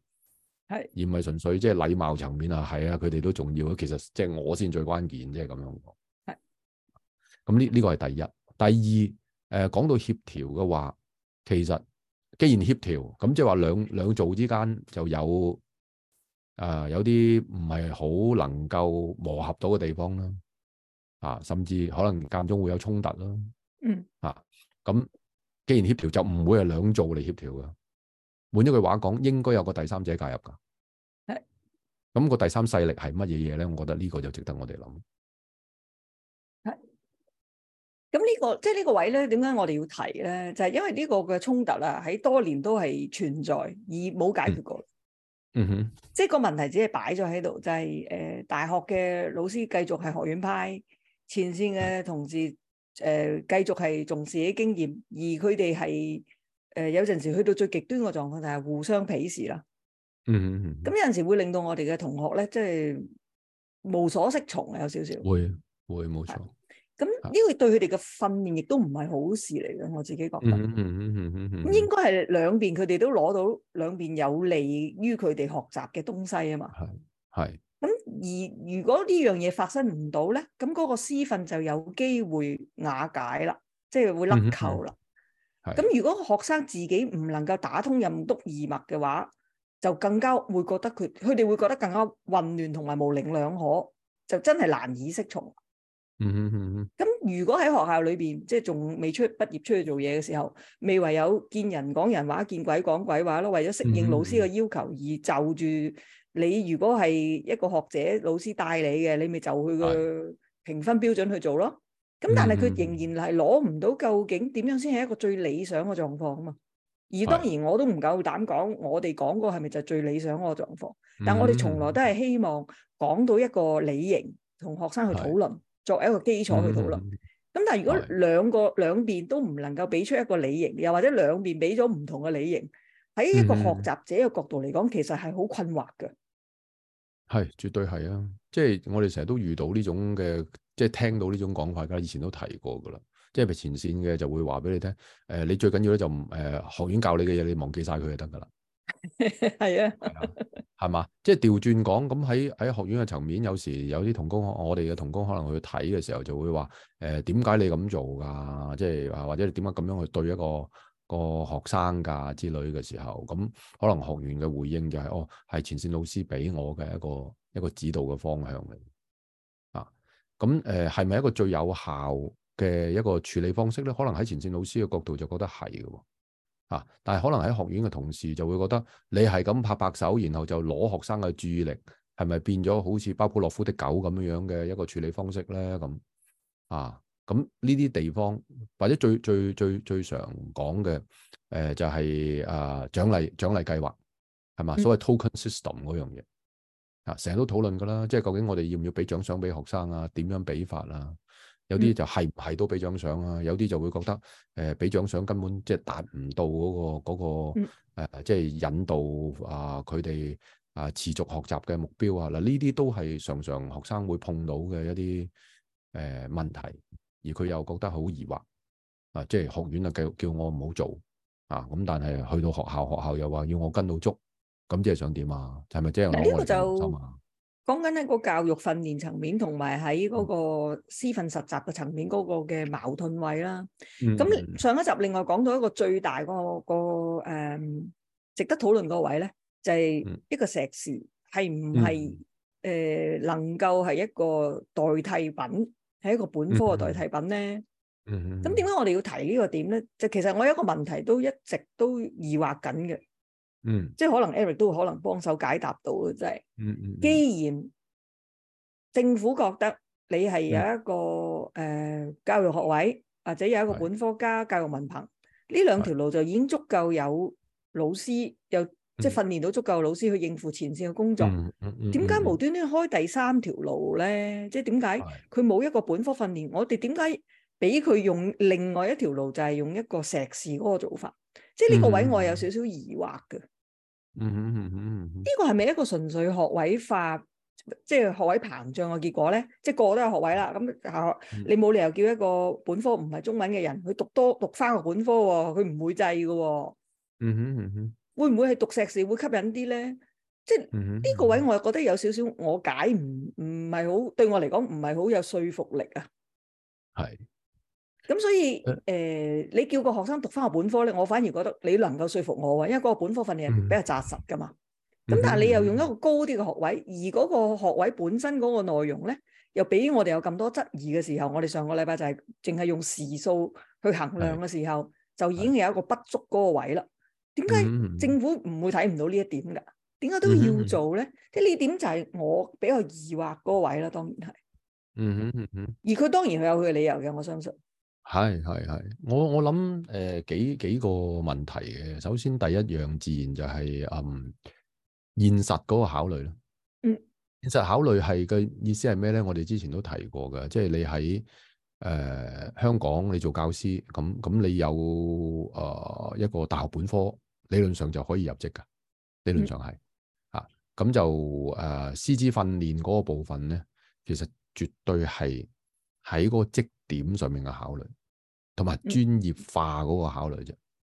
是而唔係純粹即係禮貌層面啊。係啊，佢哋都重要啊。其實即係我先最關鍵啫，即係咁樣講。係是。咁呢、啊？呢、嗯，呢個係第一，第二。誒，講、呃、到協調嘅話，其實既然協調，咁即係話兩兩組之間就有誒、呃，有啲唔係好能夠磨合到嘅地方啦，啊，甚至可能間中會有衝突啦。嗯。啊，咁既然協調就唔會係兩組嚟協調㗎。換一句話講，應該有個第三者介入㗎。係。咁個第三勢力係乜嘢嘢咧？我覺得呢個就值得我哋諗。咁呢、這個即係呢個位咧，點解我哋要提咧？就係、是、因為呢個嘅衝突啊，喺多年都係存在而冇解決過。嗯,嗯哼，即係個問題只係擺咗喺度，就係、是、誒、呃、大學嘅老師繼續係學院派，前線嘅同事誒繼、嗯呃、續係重視啲經驗，而佢哋係誒有陣時去到最極端嘅狀況就係互相鄙視啦、嗯。嗯嗯咁有陣時會令到我哋嘅同學咧，即係無所適從啊，有少少。會，會冇錯。咁呢個對佢哋嘅訓練亦都唔係好事嚟嘅，我自己覺得。嗯嗯嗯嗯嗯嗯。咁、嗯嗯嗯、應該係兩邊佢哋都攞到兩邊有利於佢哋學習嘅東西啊嘛。係係。咁而如果呢樣嘢發生唔到咧，咁嗰個師訓就有機會瓦解啦，即、就、係、是、會甩扣啦。係、嗯。咁、嗯、如果學生自己唔能夠打通任督二脈嘅話，就更加會覺得佢佢哋會覺得更加混亂同埋模棱兩可，就真係難以適從。嗯嗯嗯，咁如果喺學校裏邊，即係仲未出畢業出去做嘢嘅時候，未唯有見人講人話，見鬼講鬼話咯。為咗適應老師嘅要求而就住你，如果係一個學者，嗯、老師帶你嘅，你咪就佢個是評分標準去做咯。咁但係佢仍然係攞唔到究竟點樣先係一個最理想嘅狀況啊嘛。而當然我都唔夠膽講，我哋講嗰個係咪就係最理想個狀況？但我哋從來都係希望講到一個理型，同學生去討論。作為一個基礎去討論，咁、嗯、但係如果兩個的兩邊都唔能夠俾出一個理型，又或者兩邊俾咗唔同嘅理型，喺一個學習者嘅角度嚟講，嗯、其實係好困惑嘅。係，絕對係啊！即、就、係、是、我哋成日都遇到呢種嘅，即、就、係、是、聽到呢種講法㗎。以前都提過㗎啦。即係譬如前線嘅就會話俾你聽，誒、呃、你最緊要咧就唔誒、呃、學院教你嘅嘢，你忘記晒佢就得㗎啦。係 啊，係嘛？ 即係調轉講，咁喺喺學院嘅層面，有時有啲同工，我哋嘅同工可能去睇嘅時候，就會話誒，點、呃、解你咁做噶？即係或者點解咁樣去對一個一個學生噶之類嘅時候，咁可能學員嘅回應就係、是、哦，係前線老師俾我嘅一個一個指導嘅方向嚟啊。咁誒，係、呃、咪一個最有效嘅一個處理方式咧？可能喺前線老師嘅角度就覺得係嘅。啊！但係可能喺學院嘅同事就會覺得你係咁拍拍手，然後就攞學生嘅注意力，係咪變咗好似巴甫洛夫的狗咁樣嘅一個處理方式咧？咁啊，咁呢啲地方，或者最最最最常講嘅誒，就係、是、啊、呃、獎勵獎勵計劃係嘛？所謂 token system 嗰樣嘢啊，成日都討論㗎啦，即、就、係、是、究竟我哋要唔要俾獎賞俾學生啊？點樣俾法啊？有啲就係唔係都俾獎賞啊？有啲就會覺得誒俾獎賞根本即係達唔到嗰、嗰個嗰即係引導啊佢哋啊持續學習嘅目標啊！嗱、呃，呢啲都係常常學生會碰到嘅一啲誒、呃、問題，而佢又覺得好疑惑、呃、啊！即係學院啊，繼續叫我唔好做啊，咁但係去到學校，學校又話要我跟到足，咁即係想點啊？係咪即係？我呢個就。講緊一個教育訓練層面，同埋喺嗰個師訓實習嘅層面嗰個嘅矛盾位啦。咁上一集另外講到一個最大個個誒值得討論個位咧，就係一個碩士係唔係誒能夠係一個代替品，係一個本科嘅代替品咧。咁點解我哋要提呢個點咧？就其實我有一個問題都一直都疑惑緊嘅。嗯，即係可能 Eric 都可能幫手解答到咯、真係，即係、嗯。嗯嗯。既然政府覺得你係有一個誒、嗯呃、教育學位，或者有一個本科加是教育文憑，呢兩條路就已經足夠有老師，是有即係訓練到足夠老師去應付前線嘅工作。點解、嗯、無端端開第三條路咧？即係點解佢冇一個本科訓練？是我哋點解俾佢用另外一條路，就係用一個碩士嗰個做法？即係呢個位，我有少少疑惑嘅、嗯。嗯嗯嗯嗯，呢個係咪一個純粹學位化，即係學位膨脹嘅結果咧？即係個個都有學位啦。咁大學你冇理由叫一個本科唔係中文嘅人，佢讀多讀翻個本科喎、哦，佢唔會制嘅喎。嗯哼嗯哼，會唔會係讀碩士會吸引啲咧？即係呢、嗯、哼個位，我又覺得有少少，我解唔唔係好對我嚟講唔係好有說服力啊。係。咁所以誒、呃，你叫個學生讀翻個本科咧，我反而覺得你能夠説服我啊，因為個本科訓練係比較紮實噶嘛。咁、嗯、但係你又用一個高啲嘅學位，而嗰個學位本身嗰個內容咧，又俾我哋有咁多質疑嘅時候，我哋上個禮拜就係淨係用時數去衡量嘅時候，是就已經有一個不足嗰個位啦。點解的政府唔會睇唔到呢一點㗎？點解都要做咧？即係呢點就係我比較疑惑嗰個位啦。當然係、嗯，嗯嗯嗯嗯，而佢當然係有佢嘅理由嘅，我相信。係係係，我我諗誒、呃、幾幾個問題嘅。首先第一樣自然就係誒現實嗰個考慮咯。嗯，現實個考慮係嘅意思係咩咧？我哋之前都提過嘅，即係你喺誒、呃、香港你做教師咁咁，你有誒、呃、一個大學本科，理論上就可以入職噶。理論上係、嗯、啊，咁就誒師資訓練嗰個部分咧，其實絕對係喺嗰個績點上面嘅考慮。同埋專業化嗰個考慮啫，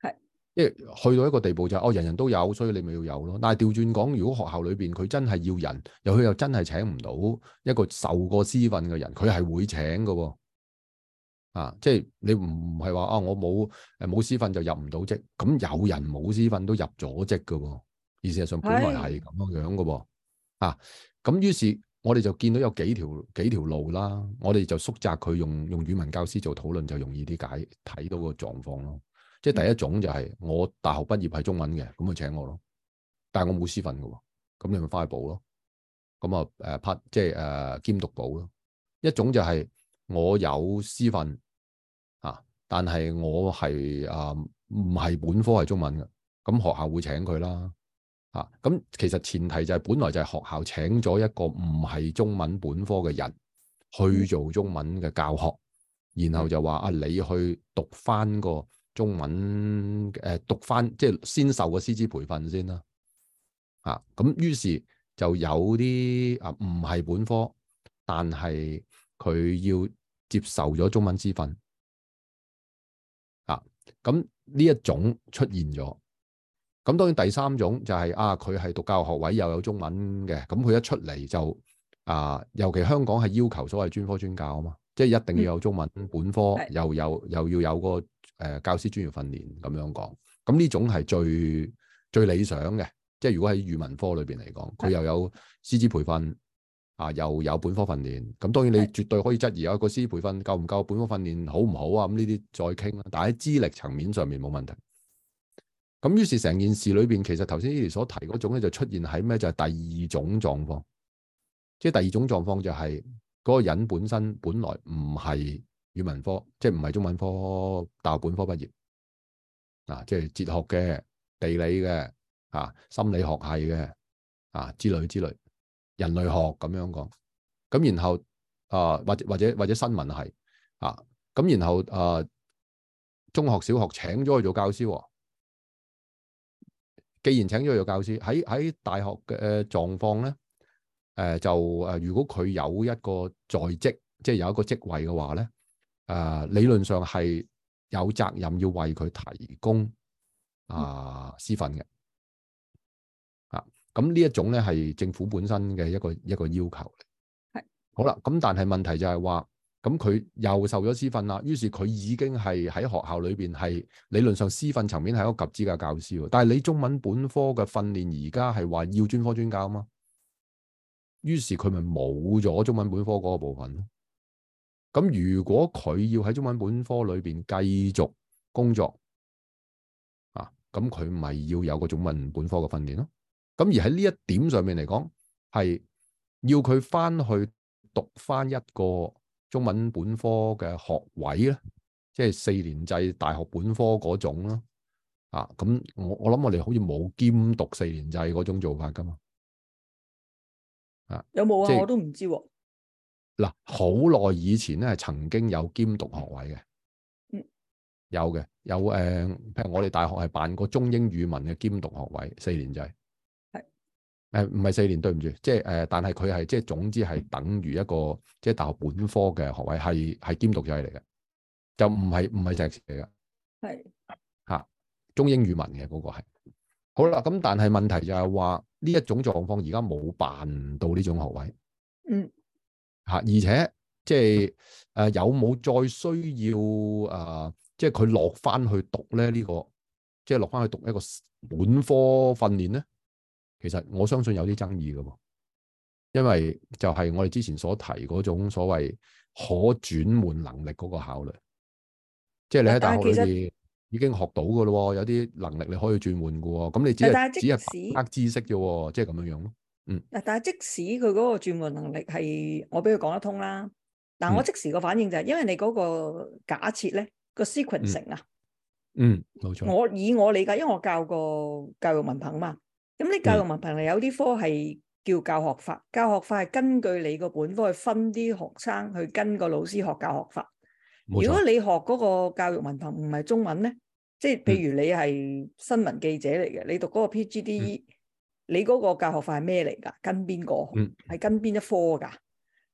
係、嗯，因為去到一個地步就係、哦，人人都有，所以你咪要有咯。但係調轉講，如果學校裏邊佢真係要人，又佢又真係請唔到一個受過私訓嘅人，佢係會請嘅，啊，即、就、係、係、你唔係話啊，我冇誒冇私訓就入唔到職，咁有人冇私訓都入咗職嘅，而事實上本來係咁樣樣嘅，是啊，咁於是。我哋就見到有幾條，幾條路啦，我哋就縮窄佢用用語文教師做討論就容易啲解睇到個狀況咯。即係第一種就係、是、我大學畢業係中文嘅，咁咪請我咯。但係我冇師訓㗎喎，咁你咪返去補咯。咁啊 part 即係誒、呃、兼讀補咯。一種就係、是、我有師訓啊，但係我係啊唔係本科係中文嘅，咁學校會請佢啦。啊，咁其實前提就係本來就係學校請咗一個唔係中文本科嘅人去做中文嘅教學，然後就話啊你去讀翻個中文誒、啊、讀翻即係先受個師資培訓先啦。啊，咁於是就有啲啊唔係本科，但係佢要接受咗中文師訓。啊，咁、啊、呢一種出現咗。咁當然第三種就係、是、啊，佢係讀教育學位又有中文嘅，咁佢一出嚟就啊，尤其香港係要求所謂專科專教啊嘛，即係一定要有中文本科，嗯、又有又要有個誒教師專業訓練咁樣講。咁呢種係最最理想嘅，即係如果喺語文科裏邊嚟講，佢又有師資培訓啊，又有本科訓練。咁當然你絕對可以質疑有、嗯啊那個師資培訓夠唔夠，夠夠本科訓練好唔好啊？咁呢啲再傾啦。但係喺資歷層面上面冇問題。咁於是成件事裏邊，其實頭先呢條所提嗰種咧，就出現喺咩？就係第二種狀況，即係第二種狀況就係嗰個人本身本來唔係語文科，即係唔係中文科大學本科畢業，即係哲學嘅、地理嘅啊、心理學系嘅啊之類之類、人類學咁樣講，咁然後啊，或者或者或者新聞系啊，咁然後啊，中學、小學請咗去做教師。既然請咗個教師喺喺大學嘅狀況咧，誒、呃、就誒、呃、如果佢有一個在職，即係有一個職位嘅話咧，誒、呃、理論上係有責任要為佢提供、呃師訓嗯、啊師訓嘅，啊咁呢一種咧係政府本身嘅一個一個要求。係是好啦，咁但係問題就係話。咁佢又受咗師訓啦，於是佢已經係喺學校裏邊係理論上師訓層面係一個合資格教師喎。但係你中文本科嘅訓練而家係話要專科專教吖嘛？於是佢咪冇咗中文本科嗰個部分咯。咁如果佢要喺中文本科裏邊繼續工作啊，咁佢咪要有個中文本科嘅訓練咯？咁而喺呢一點上面嚟講，係要佢翻去讀翻一個。中文本科嘅學位咧，即係四年制大學本科嗰種咯啊。咁我我諗我哋好似冇兼讀四年制嗰種做法噶嘛啊？有冇即啊？我都唔知喎。嗱，好耐以前咧係曾經有兼讀學位嘅，嗯，有嘅有誒，呃，譬如我哋大學係辦過中英語文嘅兼讀學位，四年制。誒，唔係四年，對唔住，即係誒，但係佢係即係總之係等於一個即係大學本科嘅學位，係係兼讀制嚟嘅，就唔係唔係碩士嚟嘅，係吓是中英語文嘅嗰個係，好啦，咁但係問題就係話呢一種狀況而家冇辦到呢種學位，嗯吓，而且即係誒有冇再需要誒即係佢落翻去讀咧呢、這個，即係落翻去讀一個本科訓練咧？其實我相信有啲爭議噶，因為就係我哋之前所提嗰種所謂可轉換能力嗰個考慮，即係你喺大學裏邊已經學到噶咯，有啲能力你可以轉換噶，咁你只係只係呃知識啫，即係咁樣樣咯。嗯，但係即使佢嗰個轉換能力係我俾佢講得通啦，但係我即時個反應就係、是，嗯、因為你嗰個假設咧個 sequence 啊、嗯，嗯，冇錯，我以我理解，因為我教過教育文憑啊嘛。咁你教育文憑係有啲科係叫教學法，嗯、教學法係根據你個本科去分啲學生去跟個老師學教學法。冇錯，如果你學嗰個教育文憑唔係中文咧，即係譬如你係新聞記者嚟嘅，嗯、你讀嗰個 PGD，嗯、你嗰個教學法係咩嚟噶？跟邊個？係、嗯、跟邊一科噶？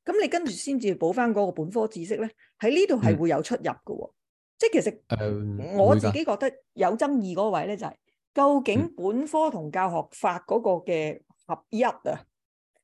咁你跟住先至補翻嗰個本科知識咧，喺呢度係會有出入噶，哦。嗯、即係其實我自己覺得有爭議嗰位咧就係。究竟本科同教學法嗰個嘅合一啊？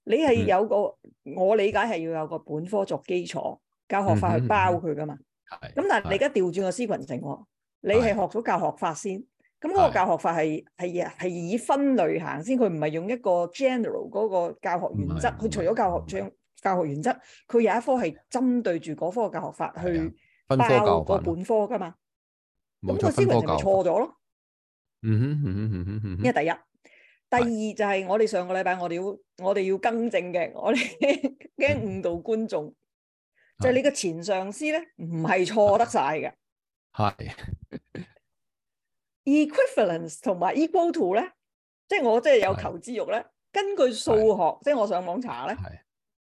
你係有個、嗯、我理解係要有個本科作基礎，教學法去包佢噶嘛？咁、嗯嗯嗯嗯、但係你而家調轉個思維成，你係學咗教學法先，咁嗰、嗯、個教學法係係係以分類行先，佢唔係用一個 general 嗰個教學原則。佢是除咗教學將教學原則，佢有一科係針對住嗰科嘅教學法去包個、啊、本科噶嘛？咁錯個思維就錯咗咯。嗯哼嗯哼嗯哼嗯哼，呢係第一，第二就係我哋上個禮拜我哋要的我哋要更正嘅，我哋驚誤導觀眾，的就係你嘅前上司咧唔係錯得晒嘅，係的 equivalence 同埋 equal to 咧，即、就、係、是、我即係有求知欲咧，的根據數學，即係的我上網查咧，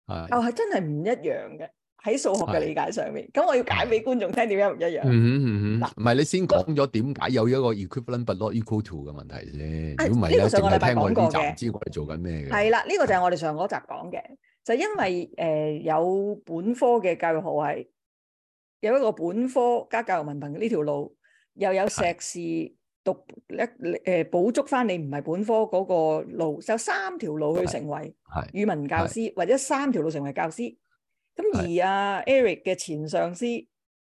係又係真係唔一樣嘅。喺數學嘅理解上面，咁我要解俾觀眾聽點解唔一樣？嗱，唔係你先講咗點解有一個 equivalent but not equal to 嘅問題先。如果唔係，有冇聽過？就唔知我哋做緊咩嘅？係啦，呢個就係我哋上嗰集講嘅，就因為誒有本科嘅教育學系有一個本科加教育文憑呢條路，又有碩士讀一誒補足翻你唔係本科嗰個路，就有三條路去成為語文教師，或者三條路成為教師。咁而阿 Eric 嘅前上司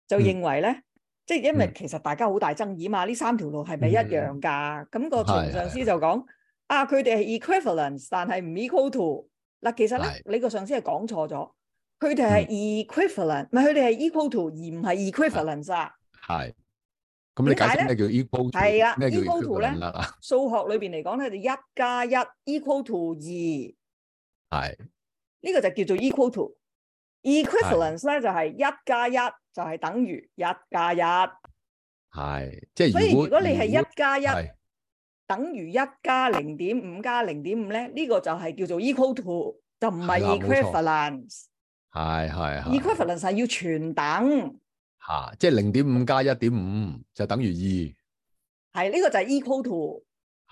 就認為咧，即係因為其實大家好大爭議嘛，呢三條路係咪一樣㗎？咁個前上司就講，啊，佢哋係 equivalence 但係唔 equal to。嗱，其實咧，你個上司係講錯咗，佢哋係 equivalent，唔係佢哋係 equal to，而唔係 equivalence 啊。係。咁你解釋咩叫 equal？係啊，咩叫 equal to 咧？數學裏邊嚟講咧，就一加一 equal to 二。係。呢個就叫做 equal to。equivalence 咧就係一加一就係等於一加一，係即係如果所以如果你係一加一等於一加零點五加零點五咧，呢個就係叫做 equal to，就唔係 equivalence。係係啊 equivalence 係要全等。嚇！即係零點五加一點五就等於二。係呢個就係 equal to。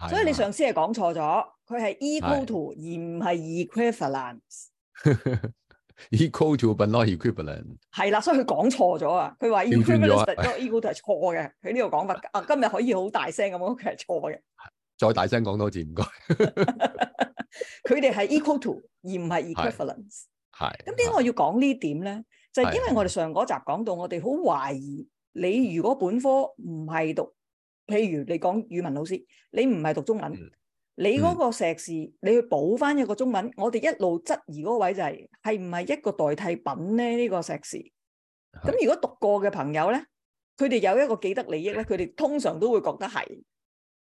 所以你上次係講錯咗，佢係 equal to 而唔係 equivalence。Equal to，but 但唔係 equivalent。係啦，所以佢講錯咗啊！佢話 equivalent，其實 equal 都係錯嘅。佢呢個講法，啊，今日可以好大聲咁講，佢係錯嘅。再大聲講多次，唔該。佢哋係 equal to，而唔係 equivalence。係。咁點解我要講呢點咧？就係因為我哋上嗰集講到，我哋好懷疑你如果本科唔係讀，譬如你講語文老師，你唔係讀中文。嗯你嗰個碩士，嗯、你去補翻一個中文，我哋一路質疑嗰位置就係係唔係一個代替品咧？呢、呢個碩士咁，如果讀過嘅朋友咧，佢哋有一個既得利益咧，佢哋通常都會覺得係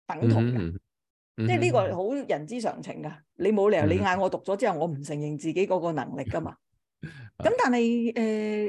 等同嘅，即係呢個好人之常情噶。你冇理由你嗌我讀咗之後，我唔承認自己嗰個能力噶嘛。咁但係誒、呃，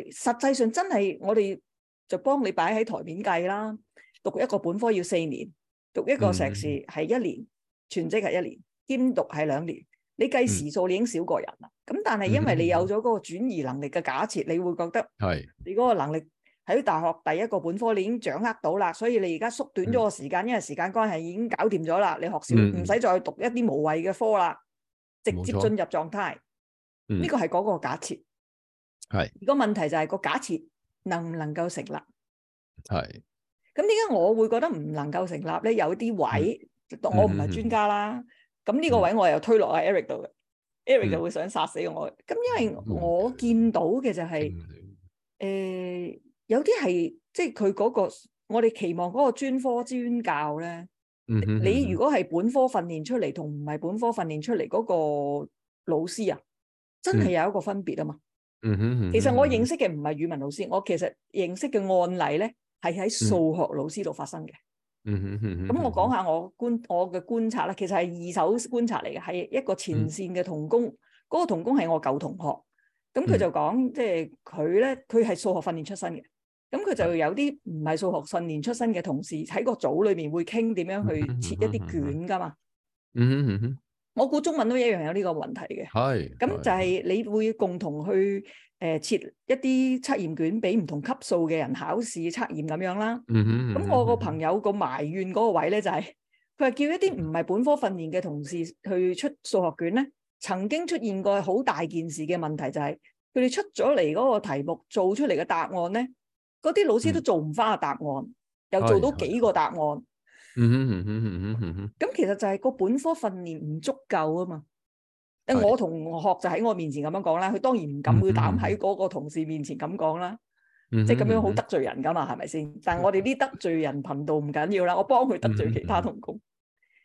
實際上真係我哋就幫你擺喺台面計啦。讀一個本科要四年，讀一個碩士係一年。嗯全職係一年，兼讀係兩年。你計時數，你已經少過人啦。咁但係因為你有咗嗰個轉移能力嘅假設，你會覺得係你嗰個能力喺大學第一個本科你已經掌握到啦，所以你而家縮短咗個時間，因為時間關係已經搞掂咗啦。你學少唔使再讀一啲無謂嘅科啦，直接進入狀態。呢個係嗰個假設係。個問題就係個假設能唔能夠成立？係。咁點解我會覺得唔能夠成立咧？有啲位。我唔係專家啦，咁呢個位我又推落喺 Eric 度嘅，嗯、Eric 就會想殺死我。咁、嗯、因為我見到嘅就係、是，誒、嗯呃，有啲係即係佢嗰個我哋期望嗰個專科專教咧。嗯嗯、你如果係本科訓練出嚟同唔係本科訓練出嚟嗰個老師啊，真係有一個分別啊嘛。嗯哼。嗯嗯，其實我認識嘅唔係語文老師，我其實認識嘅案例咧係喺數學老師度發生嘅。嗯嗯嗯嗯，咁我講下我的觀我嘅觀察啦，其實係二手觀察嚟嘅，係一個前線嘅同工，嗰、嗯、哼個同工係我舊同學，咁佢就講，即係佢咧，佢係數學訓練出身嘅，咁佢就有啲唔係數學訓練出身嘅同事喺個組裏面會傾點樣去設一啲卷噶嘛，嗯嗯嗯，我估中文都一樣有呢個問題嘅，係是，咁就係你會共同去。誒、設、呃、一啲測驗卷俾唔同級數嘅人考試測驗咁樣啦。咁、嗯嗯、我個朋友個埋怨嗰個位咧就係、是，佢係叫一啲唔係本科訓練嘅同事去出數學卷咧，曾經出現過好大件事嘅問題就係、是，佢哋出咗嚟嗰個題目做出嚟嘅答案咧，嗰啲老師都做唔翻個答案，又、嗯、哼、做到幾個答案。咁、嗯嗯嗯嗯、其實就係個本科訓練唔足夠啊嘛。我同學就喺我面前咁樣講啦，佢當然唔敢會膽喺嗰個同事面前咁講啦，即係咁樣好得罪人噶嘛，係咪先？吧但係我哋啲得罪人頻道唔緊要啦，我幫佢得罪其他同工。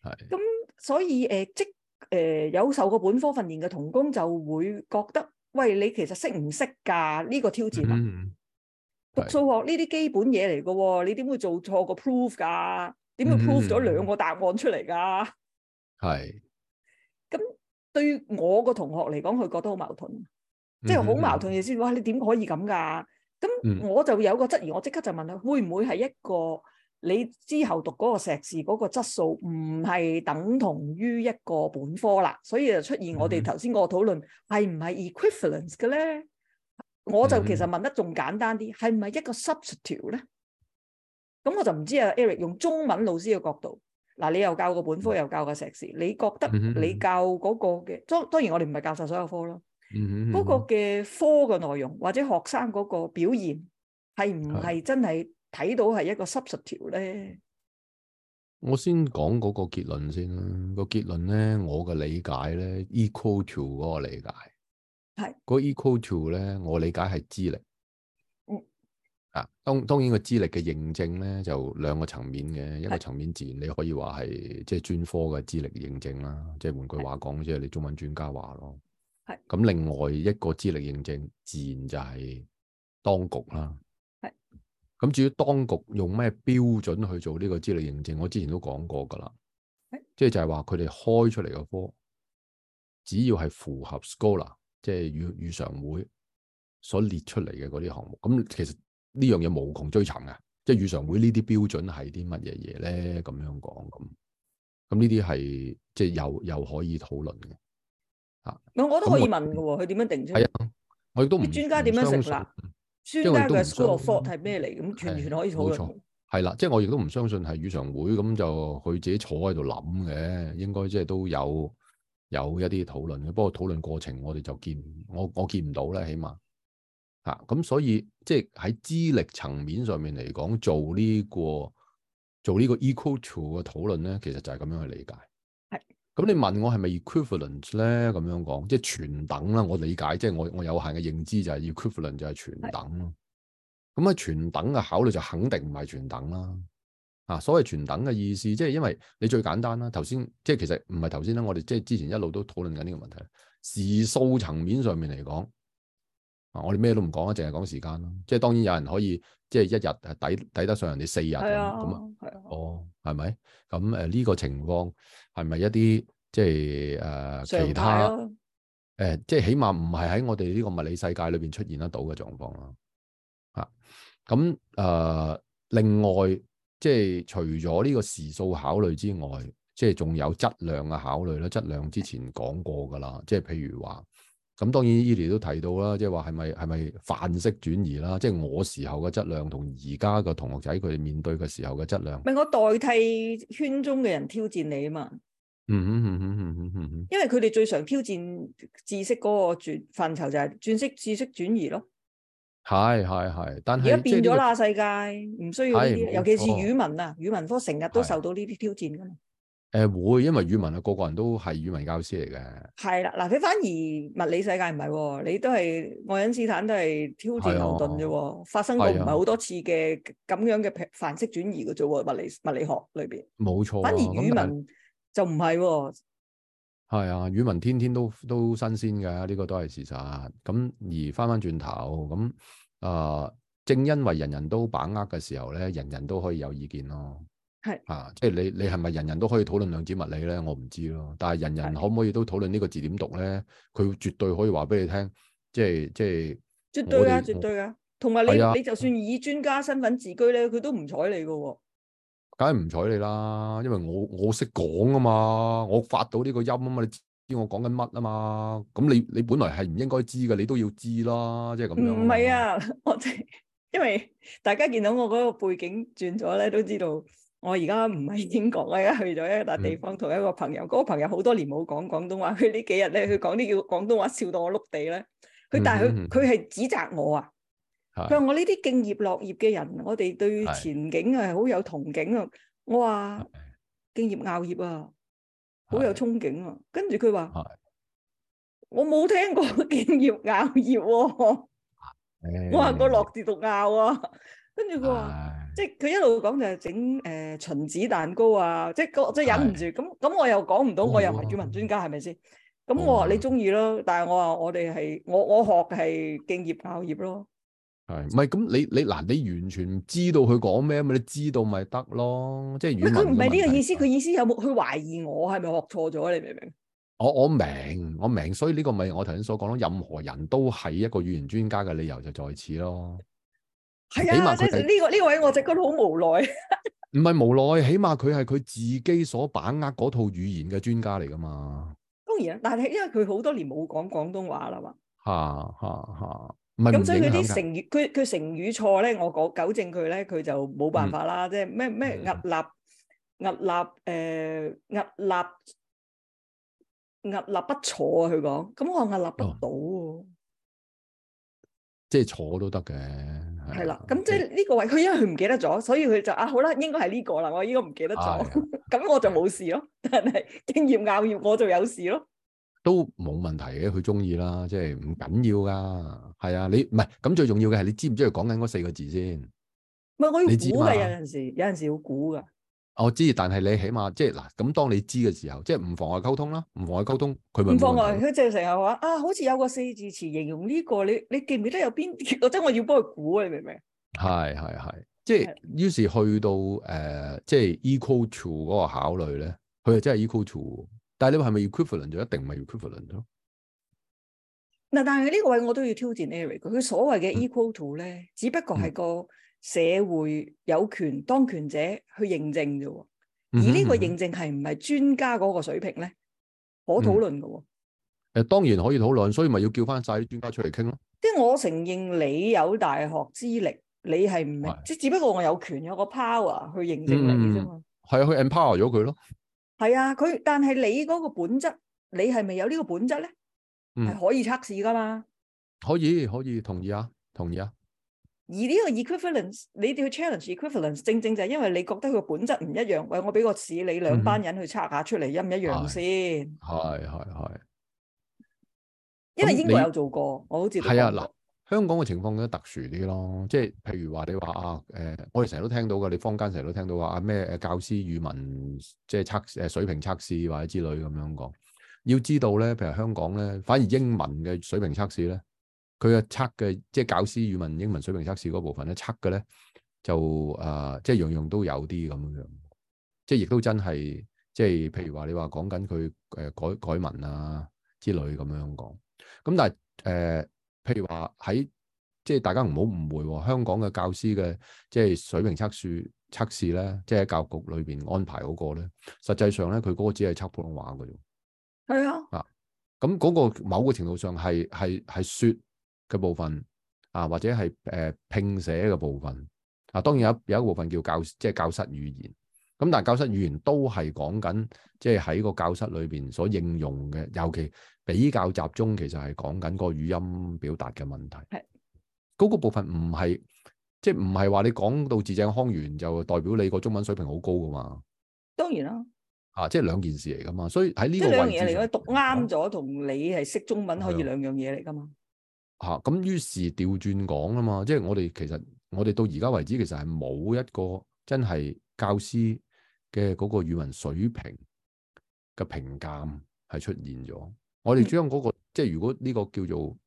係、嗯哼。咁所以誒、呃，即係、呃、有受過本科訓練嘅同工就會覺得，喂，你其實識唔識㗎？呢、這個挑戰啊，嗯、讀數學呢啲基本嘢嚟嘅喎，你點會做錯個 proof 㗎？點會 proof 咗兩個答案出嚟㗎？係、嗯。咁。對於我個同學嚟講，佢覺得好矛盾，即係好矛盾嘅意思。Mm hmm. 哇！你點可以咁噶？咁我就有一個質疑，我即刻就問佢：「會唔會係一個你之後讀嗰個碩士嗰個質素唔係等同於一個本科啦？所以就出現我哋頭先嗰個討論係唔係 equivalent 嘅咧？我就其實問得仲簡單啲，係唔係一個 substitute 咧？咁我就唔知啊，Eric 用中文老師嘅角度。嗱、啊，你又教個本科，又教個碩士，的你覺得你教嗰個嘅，當、嗯嗯、當然我哋唔係教授所有嗯哼嗯哼的科咯，嗰個嘅科嘅內容或者學生嗰個表現係唔係真係睇到係一個實實條咧？我先講嗰個結論先啦。嗯、個結論咧，我嘅理解咧，equal to 嗰個理解係嗰的 equal to 咧，我理解係資歷。啊，當當然個資歷嘅認證咧就兩個層面嘅，的一個層面自然你可以話係即係專科嘅資歷認證啦，即係換句話講即係你中文專家話咯。係的。咁另外一個資歷認證自然就係當局啦。係的。咁至於當局用咩標準去做呢個資歷認證，我之前都講過噶啦。即係的就係話佢哋開出嚟嘅科，只要係符合 SCOLAR 即係語常會所列出嚟嘅嗰啲項目，咁其實。呢樣嘢，無窮追尋嘅，即係語常會呢啲標準係啲乜嘢嘢咧？咁樣講咁，咁呢啲係即係又又可以討論嘅。啊，我都可以問嘅喎，佢點我樣定出？我亦都唔專家點樣食法？專家嘅 school of thought 係咩嚟？咁完全可以討論。冇錯，係啦，即係我亦都唔相信係語家常會咁就佢自己坐喺度諗嘅，應該即係都有有一啲討論嘅。不過討論過程我哋就見我我見唔到咧，起碼。吓，咁所以即係喺資歷層面上面嚟講，做呢個做呢個 equal to 嘅討論咧，其實就係咁樣去理解。係，咁你問我係咪 equivalent 咧？咁樣講，即係全等啦。我理解，即係我我有限嘅認知就係 equivalent 就係全等咯。咁啊，全等嘅考慮就肯定唔係全等啦。啊，所謂全等嘅意思，即係因為你最簡單啦，頭先即係其實唔係頭先啦，我哋即係之前一路都討論緊呢個問題，時數層面上面嚟講。啊！我哋咩都唔講啊，淨係講時間咯。即係當然有人可以，即係一日抵抵得上人哋四日咁啊。就是啊哦，係咪？咁誒呢個情況係咪一啲即係誒其他誒？即係起碼唔係喺我哋呢個物理世界裏邊出現得到嘅狀況啦。吓咁誒，另外即係除咗呢個時數考慮之外，即係仲有質量嘅考慮啦。質量之前講過噶啦，即係譬如話。咁當然 Eli 都提到啦，即係話係咪係咪範式轉移啦？即係我時候嘅質量同而家個同學仔佢哋面對嘅時候嘅質量，咪我代替圈中嘅人挑戰你啊嘛？嗯嗯嗯嗯嗯嗯嗯，因為佢哋最常挑戰知識嗰個轉範疇就係轉識知識轉移咯。係係係，但係而家變咗啦，世界唔是、那個、需要呢啲，是尤其是語文啊，哦、語文科成日都受到呢啲挑戰嘅。誒，會，因為語文啊，個個人都係語文教師嚟嘅。係啦，嗱，你反而物理世界唔係、哦，你都係愛因斯坦都係挑戰牛頓啫，的發生過唔係好多次嘅咁樣嘅範式轉移嘅啫，的物理物理學裏邊。冇錯、啊，反而語文但就唔係、哦。係啊，語文天天都都新鮮嘅，呢、這個都係事實。咁而翻翻轉頭，咁啊、呃，正因為人人都把握嘅時候咧，人人都可以有意見咯。係是啊，即係你你係咪人人都可以討論量子物理咧？我唔知咯。但係人人可唔可以都討論呢個字點讀咧？佢是絕對可以話俾你聽，即係即係。絕對啊，我我絕對啊。同埋你、啊、你就算以專家身份自居咧，佢都唔睬你噶。梗係唔睬你啦，因為我我識講啊嘛，我發到呢個音啊嘛，你知我講緊乜啊嘛。咁你你本來係唔應該知嘅，你都要知啦，即係咁樣。唔係啊，我因為大家見到我嗰個背景轉咗咧，都知道。我而家唔係英國，而家去咗一笪地方，同一個朋友，嗰、嗯、個朋友好多年冇講廣東話，佢呢幾日咧，佢講啲要廣東話笑到我碌地咧。佢但係佢佢係指責我啊！佢話、嗯、我呢啲敬業樂業嘅人，是我哋對前景係好有憧憬啊！是我話敬業熬業啊，好是有憧憬啊！跟住佢話，是我冇聽過敬業熬業喎，我話個樂字讀拗啊！ 跟住佢話，唉即係佢一路講就係整誒純紙蛋糕啊！即係即係忍唔住是咁，咁我又講唔到，哦、我又唔係語文專家，係咪先？咁我話你中意咯，哦、但係我話我哋係我我學係敬業教業咯。係，唔係咁你你嗱，你完全知道佢講咩咪，你知道咪得咯？即係如果佢唔係呢個意思，佢、啊、意思有冇佢懷疑我係咪學錯咗？你明唔明？我我明，我明，我明，所以呢個咪我頭先所講咯。任何人都係一個語言專家嘅理由就在此咯。係啊，即係呢個呢位，我就覺得好無奈。唔係無奈，起碼佢係佢自己所把握嗰套語言嘅專家嚟噶嘛。當然啦，但係因為佢好多年冇講廣東話啦嘛。吓吓吓。咁、啊啊、所以佢啲成語，佢佢成語錯咧，我講糾正佢咧，佢就冇辦法啦。即係咩咩屹立屹立誒屹立屹立不坐啊！佢講，咁我屹立唔到喎。即係坐都得嘅。係啦，咁即係呢個位，佢因為佢唔記得咗，所以佢就啊好啦，應該係呢個啦，我應該唔記得咗，咁、啊、 我就冇事咯。但係經驗拗要我就有事咯，都冇問題嘅，佢中意啦，即係唔緊要噶，係啊，你唔係咁，最重要嘅係你知唔知佢講緊嗰四個字先？唔係我要估噶，有陣時有陣時要估噶。我知，但係你起碼即係嗱，咁當你知嘅時候，即係唔妨礙溝通啦，唔妨礙溝通，佢咪唔妨礙佢就成日話啊，好似有個四字詞形容呢、這個，你你記唔記得有邊啲？我即係我要幫佢估啊，你明唔明？係係係，即係於是去到誒、呃，即係 equal to 嗰個考慮咧，佢係真係 equal to，但係你話係咪 equivalent 就一定唔係 equivalent 咯？嗱，但係呢個位我都要挑戰 Eric，佢所謂嘅 equal to 咧，嗯、只不過係個。嗯社會有權，當權者去認證啫，而呢個認證係唔係專家嗰個水平咧？可討論噶喎。誒、嗯，當然可以討論，所以咪要叫翻晒啲專家出嚟傾咯。即係我承認你有大學資歷，你係唔係？只是只不過我有權有個 power 去認證、嗯、你啫嘛。係啊，去 empower 咗佢咯。係啊，佢但係你嗰個本質，你係咪有呢個本質咧？係、嗯、可以測試噶嘛？可以，可以，同意啊，同意啊。而呢個 equivalence，你哋去 challenge equivalence，正正就係因為你覺得佢個本質唔一樣，喂，我俾個市你兩班人去測下出嚟，一唔、嗯、一樣先？係係係，是是是因為英國有做過，你我好似係啊嗱，香港嘅情況都特殊啲咯，即係譬如話你話啊，誒、呃，我哋成日都聽到噶，你坊間成日都聽到話啊咩誒，教師語文即係測誒水平測試或者之類咁樣講，要知道咧，譬如香港咧，反而英文嘅水平測試咧。佢嘅測嘅即係教師語文英文水平測試嗰部分咧，測嘅咧就啊，即係樣樣都有啲咁樣，即係亦都真係，即係譬如話你話講緊佢誒改改文啊之類咁樣講。咁但係誒，譬如話喺即係大家唔好誤會喎，香港嘅教師嘅即係水平測試測試咧，即係教育局裏邊安排嗰個咧，實際上咧佢嗰個只係測普通話嘅啫。係啊，啊咁嗰個某個程度上係係係説。嘅部分啊，或者係誒拼寫嘅部分啊，當然有有一部分叫教即係、就是、教室語言，咁但係教室語言都係講緊即係喺個教室裏邊所應用嘅，尤其比較集中，其實係講緊個語音表達嘅問題。嗰個部分唔係即係唔係話你講到字正腔圓就代表你個中文水平好高噶嘛？當然啦，啊，即係兩件事嚟噶嘛，所以喺呢度，兩樣嘢嚟噶，讀啱咗同你係識中文可以兩樣嘢嚟噶嘛？嚇！咁、啊、於是調轉講啊嘛，即係我哋其實我哋到而家為止，其實係冇一個真係教師嘅嗰個語文水平嘅評鑑係出現咗。我哋將嗰、嗰個即係如果呢個叫做誒、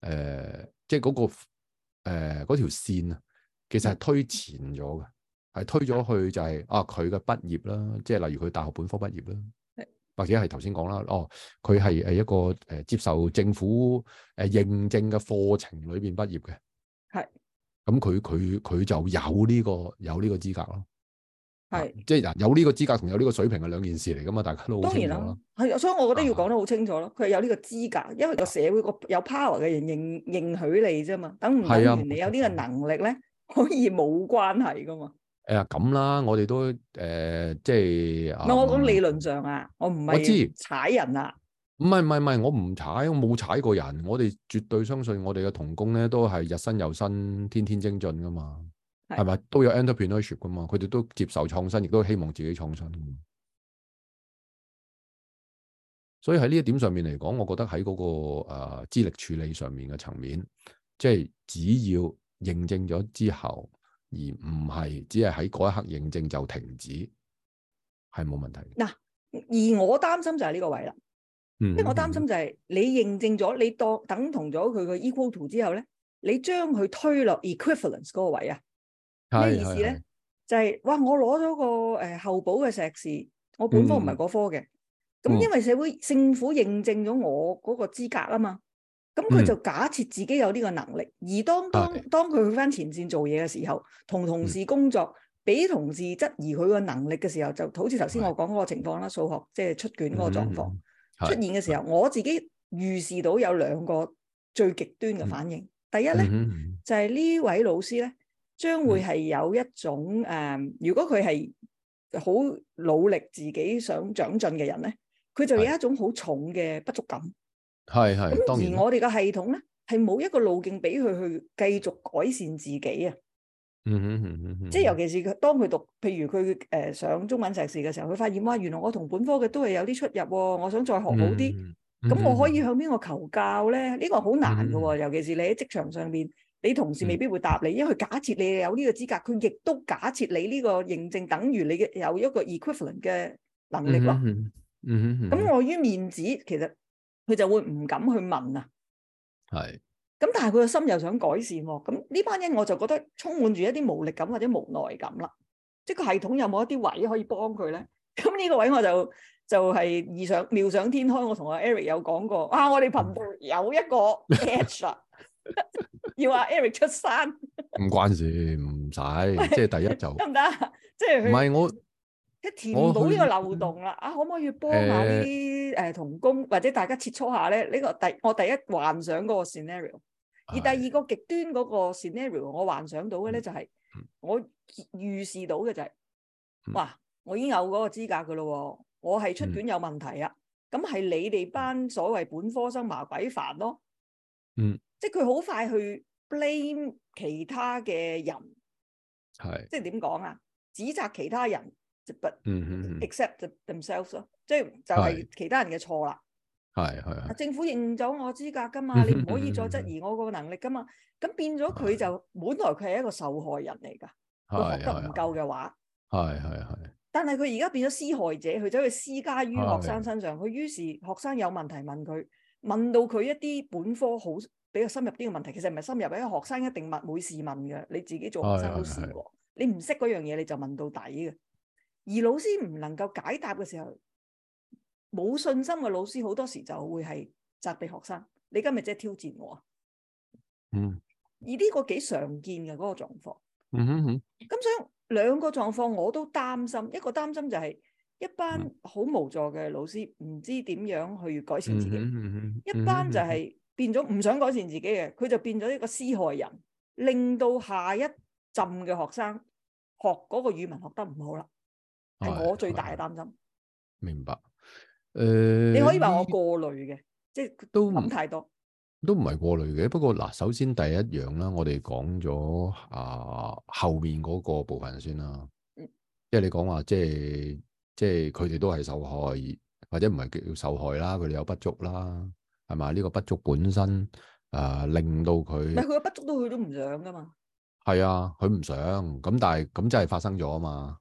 呃，即係、嗰、嗰個誒嗰、呃、條線、就係、啊，其實係推前咗嘅，係推咗去就係啊佢嘅畢業啦，即係例如佢大學本科畢業啦。或者係頭先講啦，哦，佢係誒一個誒、呃、接受政府誒認證嘅課程裏邊畢業嘅，係是。咁佢佢佢就有呢、個有呢個資格咯，係是。即係、啊嗱、有呢個資格同有呢個水平係兩件事嚟噶嘛，大家都好清楚啦。係，所以我覺得要講得好清楚咯。佢、啊、係有呢個資格，因為個社會個有 power 嘅人認認許你啫嘛。等唔完你有呢個能力咧，的可以冇關係噶嘛。誒，咁啦，呃，我哋都誒、呃，即係、呃、我講理論上啊，嗯，我唔係踩人啊，唔係唔係唔係，我唔踩，我冇踩過人，我哋絕對相信我哋嘅同工咧，都係日新又新，天天精進噶嘛，係咪的？都有 entrepreneurship 噶嘛，佢哋都接受創新，亦都希望自己創新。所以喺呢一點上面嚟講，我覺得喺嗰，那個誒資歷處理上面嘅層面，即係只要認證咗之後，而唔係只係喺嗰一刻認證就停止，係冇問題。嗱，而我擔心就係呢個位啦，嗯、因為我擔心就係你認證咗，你當等同咗佢個 equivalent 之後咧，你將佢推落 equivalence 嗰個位啊，咩是意思咧？是是就係、是、哇，我攞咗個誒後補嘅碩士，我本科唔係嗰科嘅，咁、嗯、因為社會政府認證咗我嗰個資格啊嘛。咁佢就假設自己有呢個能力，嗯、而當當當佢去返前線做嘢嘅時候，同、嗯、同事工作，俾同事質疑佢個能力嘅時候，就好似頭先我講嗰個情況啦，數、嗯、學即係、就是、出卷嗰個狀況、嗯嗯、出現嘅時候，嗯、我自己預示到有兩個最極端嘅反應。嗯、第一咧、嗯、就係呢位老師咧，將會係有一種誒，嗯嗯、如果佢係好努力自己想長進嘅人咧，佢就有一種好重嘅不足感。係係，咁而，而我哋個系統咧，係冇一個路徑俾佢去繼續改善自己啊、嗯。嗯嗯嗯即係尤其是佢當佢讀，譬如佢誒、呃、上中文碩士嘅時候，佢發現哇，原來我同本科嘅都係有啲出入、哦。我想再學好啲，咁、嗯嗯、我可以向邊個求教咧？呢、呢個好難噶、哦，嗯、哼尤其是你喺職場上邊，你同事未必會答你，因為佢假設你有呢個資格，佢亦都假設你呢個認證等於你嘅有一個 equivalent 嘅能力咯、嗯。嗯嗯嗯，咁礙於面子，其實。佢就會唔敢去問啊，係是。咁但係佢個心又想改善喎、啊，咁呢班人我就覺得充滿住一啲無力感或者無奈感啦。即係個系統有冇一啲位可以幫佢咧？咁呢個位我就就係、是、異想妙想天開。我同阿 Eric 有講過，啊，我哋頻道有一個 catch、啊、 要阿 Eric 出山。唔 關事，唔使。 即係第一就得唔得？即係佢唔係我？一填唔到呢個漏洞啦，可啊可唔可以幫下啲誒同工、呃、或者大家切磋一下咧？呢、這個第我第一幻想嗰個 scenario，是而第二個極端嗰個 scenario，我幻想到嘅咧就係、是嗯、我預示到嘅就係、是，嗯、哇！我已經有嗰個資格㗎喇喎，我係出卷有問題啊，咁係、嗯、你哋班所謂本科生麻鬼煩咯，嗯，即係佢好快去 blame 其他嘅人，係是即係點講啊？指責其他人。嗯嗯 except themselves 咯，即係就係其他人嘅錯啦。係係啊，政府認咗我資格噶嘛，你唔可以再質疑我個能力噶嘛。咁變咗佢就本來佢係一個受害人嚟噶，佢學得唔夠嘅話，係係係。但係佢而家變咗施害者，佢走去施加於學生身上。佢於是學生有問題問佢，問到佢一啲本科好比較深入啲嘅問題，其實唔係深入嘅，因為學生一定問會試問嘅，你自己做學生都試過，你唔識嗰樣嘢你就問到底嘅。而老師唔能夠解答嘅時候，冇信心嘅老師好多時就會係責備學生。你今日即係挑戰我、啊，嗯，而呢個幾常見嘅嗰、嗰個狀況，嗯哼咁、嗯、所以兩個狀況我都擔心，一個擔心就係一班好無助嘅老師唔知點樣去改善自己，嗯嗯嗯、一班就係變咗唔想改善自己嘅，佢就變咗一個施害人，令到下一浸嘅學生學嗰個語文學得唔好啦。係我最大嘅擔心是是，明白。誒、呃，你可以話我過濾嘅，你即係諗太多，都唔係過濾嘅。不過嗱，首先第一樣啦，我哋講咗啊，後面嗰個部分先啦。嗯，即係你講話，即係即係佢哋都係受害，或者唔係叫受害啦，佢哋有不足啦，係嘛？呢、這個不足本身、啊、令到佢，唔係佢嘅不足都佢都唔想噶嘛？係啊，佢唔想咁，但係咁真係發生咗啊嘛。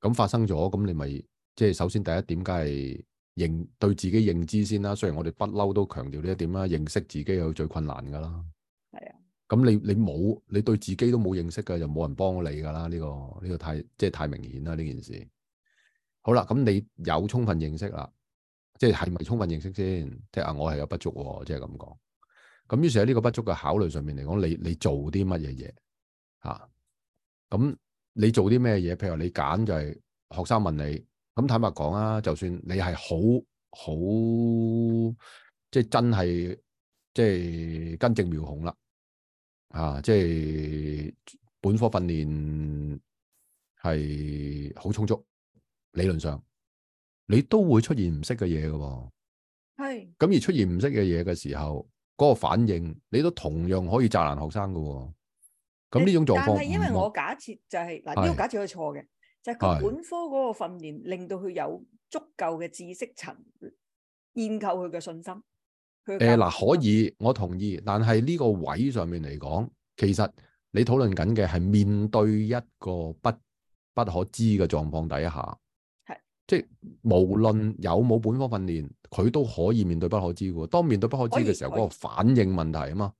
咁發生咗，咁你咪即係首先第一點，梗係認對自己認知先啦。雖然我哋不嬲都強調呢一點啦，認識自己係最困難噶啦。係啊的，咁你你冇你對自己都冇認識嘅，就冇人幫你噶啦。呢個呢個太即係太明顯啦。呢件事好啦，咁你有充分認識啦，即係係咪充分認識先？即係啊，我係有不足喎，即係咁講。咁於是喺呢個不足嘅考慮上面嚟講，你你做啲乜嘢嘢咁。啊你做啲咩嘢？譬如你揀就係學生問你，咁坦白講啊，就算你係好好，即係、就是、真係即係根正苗紅啦，啊，即、就、係、是、本科訓練係好充足，理論上你都會出現唔識嘅嘢㗎喎。咁是而出現唔識嘅嘢嘅時候，嗰、那個反應你都同樣可以責難學生㗎喎、哦。咁呢種狀況，但係因為我假設就係、是、嗱，呢是、這個假設係錯嘅，就係、是、佢本科嗰個訓練令到佢有足夠嘅知識層，研究佢嘅信心。嗱、呃，可以，我同意。但係呢個位上面嚟講，其實你討論緊嘅係面對一個不不可知嘅狀況底下，是即係無論有冇本科訓練，佢都可以面對不可知喎。當面對不可知嘅時候，嗰以個反應問題啊嘛。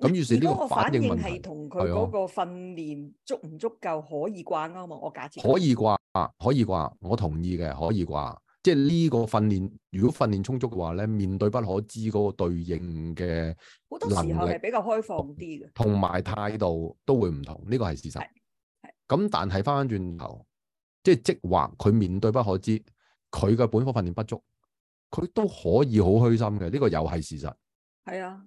咁於是呢個反應問題係同佢嗰個訓練足唔足夠可以掛鈎嘛？我假設可以掛，可以掛，我同意嘅，可以掛。即係呢個訓練，如果訓練充足嘅話咧，面對不可知嗰個對應嘅好多時候係比較開放啲嘅，同埋態度都會唔同。呢個係事實。係。咁但係翻返轉頭，就是、即係即話佢面對不可知，佢嘅本科訓練不足，佢都可以好虛心嘅。呢、呢個又係事實。係啊。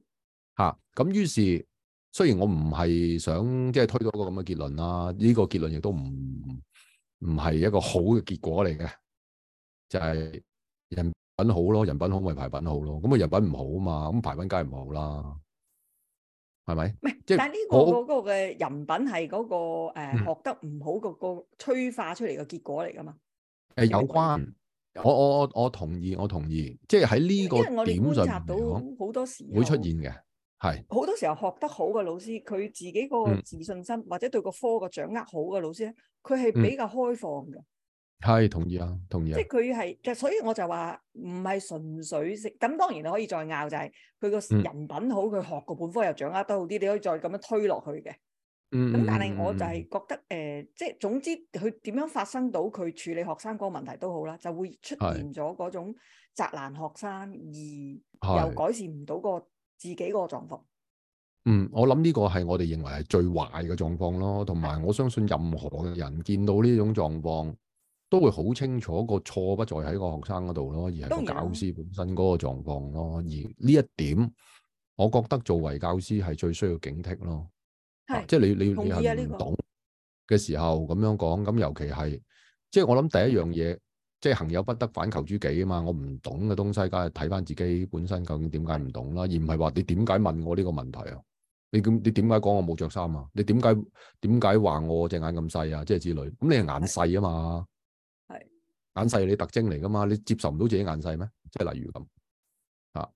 吓咁於是雖然我唔係想即係推到個咁嘅結論啦，呢個結論亦都唔唔係一個好嘅結果嚟嘅，就係人品好咯，人品好咪排品好咯，咁啊人品唔好啊嘛，咁排品梗係唔好啦，係咪？係，即係但係呢個嗰個嘅人品係嗰個誒我、嗯、學得唔好個個催化出嚟嘅結果嚟噶嘛？誒、呃，有關，有關我我我同意，我同意，即係喺呢個點上，好多時會出現嘅。係好多時候學得好嘅老師，佢自己嗰個自信心，嗯、或者對個科個掌握好嘅老師咧，佢係比較開放嘅。係同意啊，同意。即係佢係，所以我就話唔係純粹識。咁當然你可以再拗就係佢個人品好，佢、嗯、學個本科又掌握得好啲，你可以再咁樣推落去嘅。嗯。咁但係我就係覺得誒，即係、嗯呃就是、總之佢點樣發生到佢處理學生嗰個問題都好啦，就會出現咗嗰種責難學生是而又改善唔到個。自己個狀況，嗯，我諗呢個係我哋認為係最壞嘅狀況咯，同埋我相信任何嘅人見到呢種狀況，都會好清楚個錯不在喺個學生嗰度咯，而係個教師本身嗰個狀況咯。然而呢一點，我覺得作為教師係最需要警惕咯。係是、啊，即係你你、啊這個、你係唔懂嘅時候咁樣講，咁尤其係即係我諗第一樣嘢。即係行有不得反求諸己啊嘛！我唔懂嘅東西，梗係睇返自己本身究竟點解唔懂啦，而唔係話你點解問我呢個問題啊？你點你點解講我冇着衫啊？你點解點解話我隻眼咁細啊？即係之類咁，你係眼細啊嘛，係的眼細係你特徵嚟㗎嘛？你接受唔到自己眼細咩？即係例如咁啊，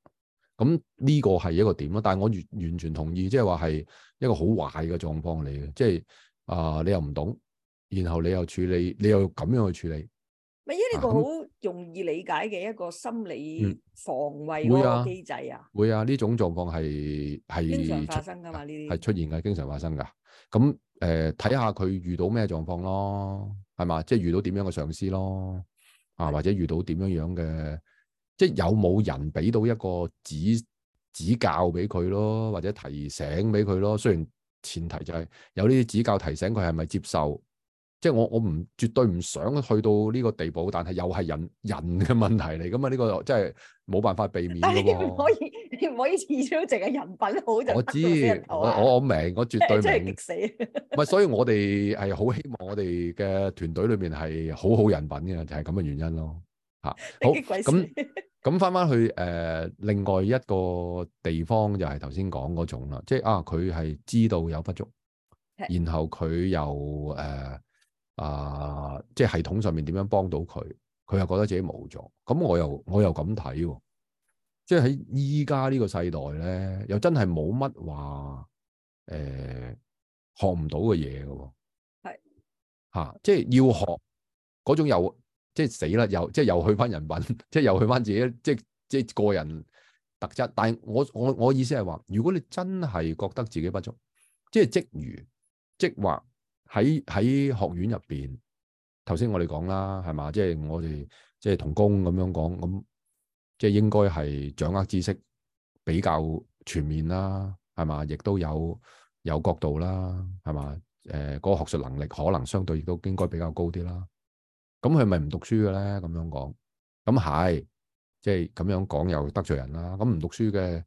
咁呢個係一個點咯。但係我完完全同意，即係話係一個好壞嘅狀況嚟嘅，即係啊，你又唔懂，然後你又處理，你又咁樣去處理。係呢個好容易理解嘅一個心理防衞嗰個機制啊，嗯，會啊，呢種狀況係係經常發生噶嘛？呢啲係出現嘅，經常發生噶。咁誒睇下佢遇到咩狀況咯，係嘛？即係遇到點樣嘅上司咯，啊，或者遇到點樣樣嘅，即係有冇人俾到一個指指教俾佢咯，或者提醒俾佢咯？雖然前提就係有呢啲指教提醒佢係咪接受？即係我我唔絕對唔想去到呢個地步，但係又係人人嘅問題嚟咁啊！呢個真係冇辦法避免你唔可以，你唔可以始終淨係人品好我知道好我，我我明白，我絕對明。激死。唔係，所以我哋係好希望我哋嘅團隊裏面係好好人品嘅，就係咁嘅原因咯。吓，好咁咁翻翻去誒， 那那回到另外一個地方就係頭先講嗰種啦，即係啊，佢係知道有不足，是然後佢又誒。呃啊，即係系統上面點樣幫到佢，佢又覺得自己冇咗，咁我又我又咁睇，啊，即係喺依家呢個世代咧，又真係冇乜話誒學唔到嘅嘢㗎，係吓，即係要學嗰種又即係死啦，又即係又去翻，人品，即係又去翻自己，即係即係個人特質。但係我我我意思係話，如果你真係覺得自己不足，即係積如，即話喺喺學院入面，頭先我哋講啦，係嘛？即係我哋即係同工咁樣講，咁即係應該係掌握知識比較全面啦，係嘛？亦都有有角度啦，係嘛？誒，嗰個學術能力可能相對亦都應該比較高啲啦。咁佢係咪唔讀書嘅咧？咁樣講，咁係即係咁樣講又得罪人啦。咁唔讀書嘅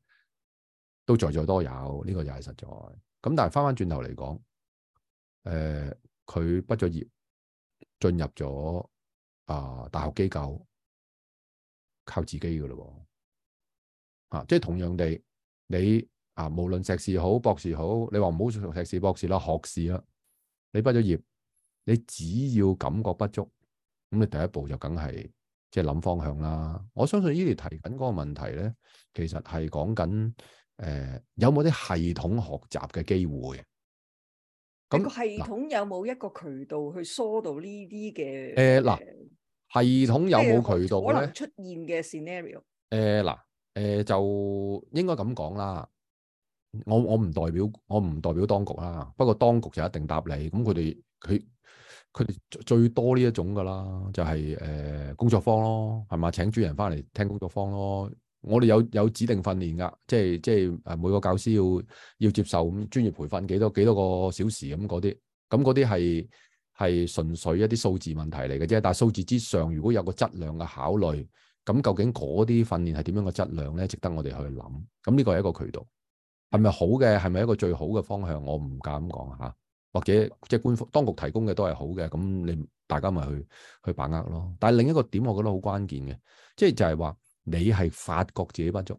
都在在多有，呢個又係實在。咁但係翻翻轉頭嚟講。誒，佢畢咗業，進入咗啊、呃、大學機構，靠自己㗎咯喎，啊，即係同樣地，你啊，無論碩士好、博士好，你話唔好碩士、博士啦，學士啦，你畢咗業，你只要感覺不足，咁你第一步就梗係即係諗方向啦。我相信呢啲提緊嗰個問題咧，其實係講緊誒，有冇啲系統學習嘅機會？個系統有冇一個渠道去疏導呢啲嘅？誒嗱、呃呃，系統有冇渠道咧？出現嘅 scenario，誒嗱誒，就應該咁講啦。我我唔代表我唔代表當局啦，不過當局就一定答你。咁佢哋佢佢哋最多呢一種㗎啦，就係、是、誒、呃、工作坊咯，係嘛？請主人翻嚟聽工作坊咯。我哋有有指定訓練㗎，即係即係誒每個教師要要接受咁專業培訓幾多幾多個小時咁嗰啲，咁嗰啲係係純粹一啲數字問題嚟嘅啫。但係數字之上，如果有個質量嘅考慮，咁究竟嗰啲訓練係點樣嘅質量咧？值得我哋去諗。咁呢個係一個渠道，係咪好嘅？係咪一個最好嘅方向？我唔敢咁講吓。或者即係官方當局提供嘅都係好嘅，咁你大家咪去去把握咯。但係另一個點，我覺得好關鍵嘅，即係就係話。你係發覺自己不足，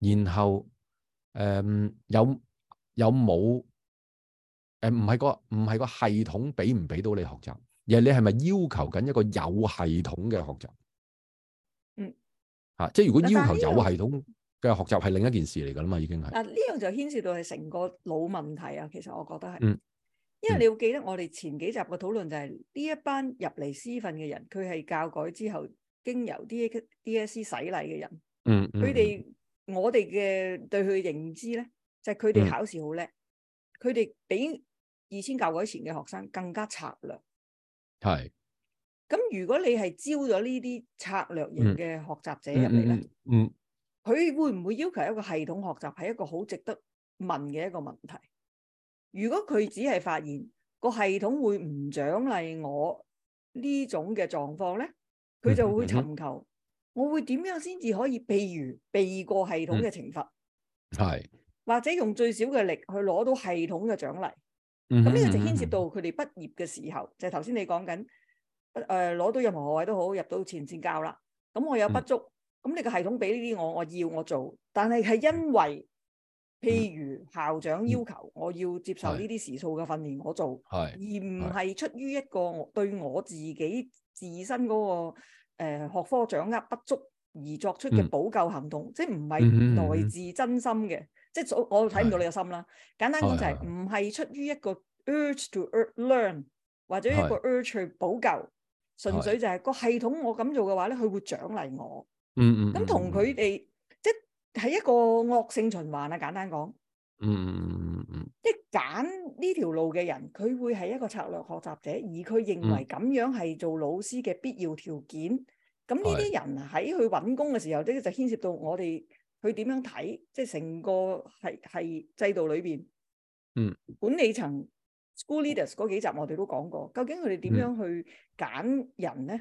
然後誒、嗯、有有冇誒唔係個唔係個系統俾唔俾到你學習？而你係咪要求緊一個有系統嘅學習？嗯，嚇、啊，即係如果要求有系統嘅學習係另一件事嚟㗎喇嘛，已經係嗱呢樣就牽涉到係成個老問題啊！其實我覺得係，嗯、因為你要記得我哋前幾集嘅討論就係呢一班入嚟師訓嘅人，佢係教改之後，經由 DSE 洗禮嘅人，佢哋、嗯嗯、我哋嘅對佢嘅認知咧，就係佢哋考試好叻，佢哋、嗯、比二千教改前嘅學生更加策略。係、嗯。咁如果你係招咗呢啲策略型嘅學習者入嚟咧，嗯，佢、嗯嗯、會唔會要求一個系統學習係一個好值得問嘅一個問題？如果佢只係發現個系統會唔獎勵我呢種嘅狀況咧？佢就會尋求，我會點樣先至可以，譬如避過系統嘅懲罰，係、嗯、或者用最少嘅力去攞到系統嘅獎勵。咁呢個就牽涉到佢哋畢業嘅時候，嗯、就係頭先你講緊，誒、呃、攞到任何學位都好，入到前線教啦。咁我有不足，咁、嗯、你個系統俾呢啲我，我要我做，但係係因為譬如校長要求，我要接受呢啲時數嘅訓練，我做，嗯、而唔係出於一個對我自己自身嗰、那個。誒、呃、學科掌握不足而作出嘅補救行動，嗯、即係唔係來自真心嘅，嗯嗯、即係我睇唔到你嘅心啦。是簡單講是就係唔係出於一個 urge to learn 是或者一個 urge 去補救，是純粹就係個系統我咁做嘅話咧，佢會獎勵我。嗯嗯是。咁同佢哋即係一個惡性循環啊！簡單講。嗯，即係揀呢條路嘅人，佢會係一個策略學習者，而佢認為咁樣係做老師嘅必要條件。咁呢啲人喺去搵工嘅時候，即是就牽涉到我哋去點樣睇，即係成個係係制度裏邊。嗯，管理層 school leaders 嗰幾集我哋都講過，究竟佢哋點樣去揀人呢？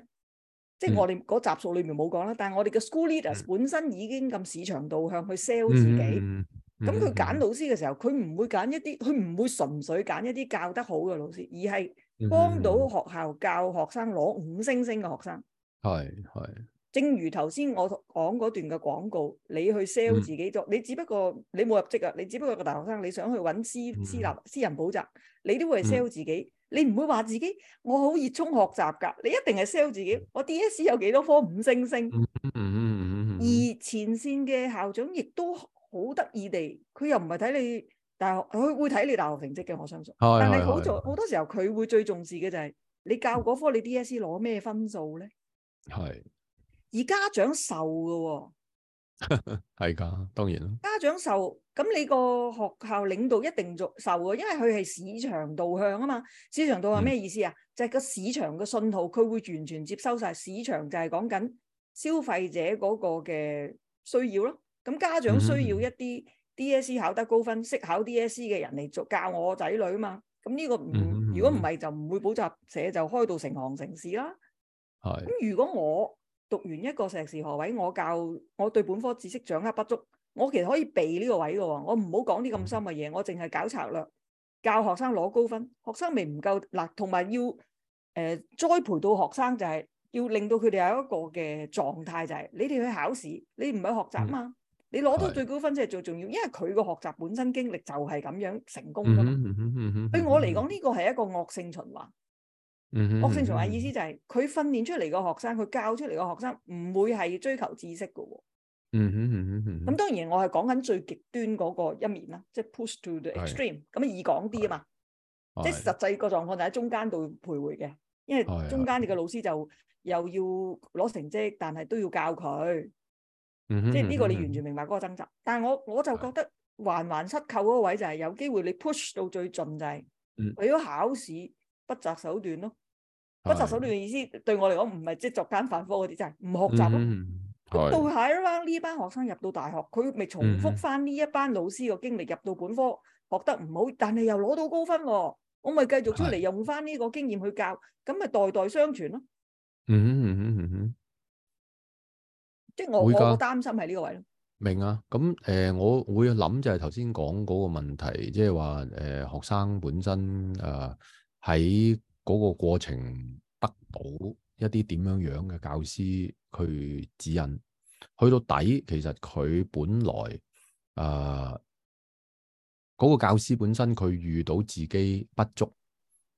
即係、嗯、我哋嗰集數裏面冇講啦，但係我哋嘅 school leaders 本身已經咁市場導向去 sell 自己。嗯嗯咁佢揀老師嘅時候，佢唔會揀一啲，佢唔會純粹揀一啲教得好嘅老師，而係幫到學校教學生攞五星星嘅學生。係係的。正如頭先我講嗰段嘅廣告，你去 sell 自己做、嗯，你只不過你冇入職啊，你只不過個大學生，你想去揾私私立、嗯、私人補習，你都會 sell 自己，嗯、你唔會話自己我好熱衷學習噶，你一定係 sell 自己，我 DSE 有幾多科五星星。嗯嗯嗯嗯嗯。而前線嘅校長亦都。好得意地，佢又唔係睇你大學，佢會睇你大學成績嘅，我相信。但係好重好多時候，佢會最重視嘅就係、係、你教嗰科你 DSE 攞咩分數咧。係的。而家長受嘅喎。係㗎，當然啦。家長受，咁你個學校領導一定做受啊，因為佢係市場導向啊嘛。市場導向咩意思啊？嗯、就係個市場嘅信號，佢會完全接收晒市場，就係講緊消費者嗰個嘅需要咯。咁家長需要一啲 DSE 考得高分、識、mm hmm. 考 DSE 嘅人嚟做教我仔女啊嘛。咁呢個唔如果唔係就唔會補習社就開到成行成市啦。係咁、mm，hmm. 如果我讀完一個碩士學位，我教我對本科知識掌握不足，我其實可以避呢個位嘅喎。我唔好講啲咁深嘅嘢，mm hmm. 我淨係搞策略教學生攞高分。學生未唔夠嗱，同埋要誒栽、呃、培到學生就係、是、要令到佢哋有一個嘅狀態就係、是、你哋去考試，你唔去學習啊嘛。Mm hmm. 你攞到最高分即係最重要的，是因為佢個學習本身經歷就係咁樣成功噶嘛。嗯嗯、對我嚟講，呢個係一個惡性循環。惡、嗯、哼性循環意思就係佢訓練出嚟個學生，佢教出嚟個學生唔會係追求知識噶喎。咁、嗯嗯嗯、當然我係講緊最極端嗰個一面啦，即、就、係、是、push to the extreme 咁是易講啲啊嘛。是即係實際個狀況就喺中間度徘徊嘅，因為中間你個老師就又要攞成績，但係都要教佢。嗯、即係呢個你完全明白嗰，嗯、哼個掙扎，但係我我就覺得環環失扣嗰位就係有機會你 push 到最盡就係，為咗考試不擇手段咯。嗯、哼不擇手段嘅意思對我嚟講唔係即係作奸犯科嗰啲，即係唔學習咯。嗯嗯、到下一 round 呢班學生入到大學，佢咪重複翻呢一班老師嘅經歷入到本科，學得唔好，但係又攞到高分，我咪繼續出嚟用翻呢個經驗去教，咁咪代代相傳咯、嗯。嗯嗯嗯嗯。即係我會、啊、我好擔心係呢個位咯。明啊，咁誒、呃，我會諗就係頭先講嗰個問題，即係話誒學生本身誒喺嗰個過程得到一啲點樣樣嘅教師佢指引，去到底其實佢本來誒嗰、呃嗰個教師本身佢遇到自己不足，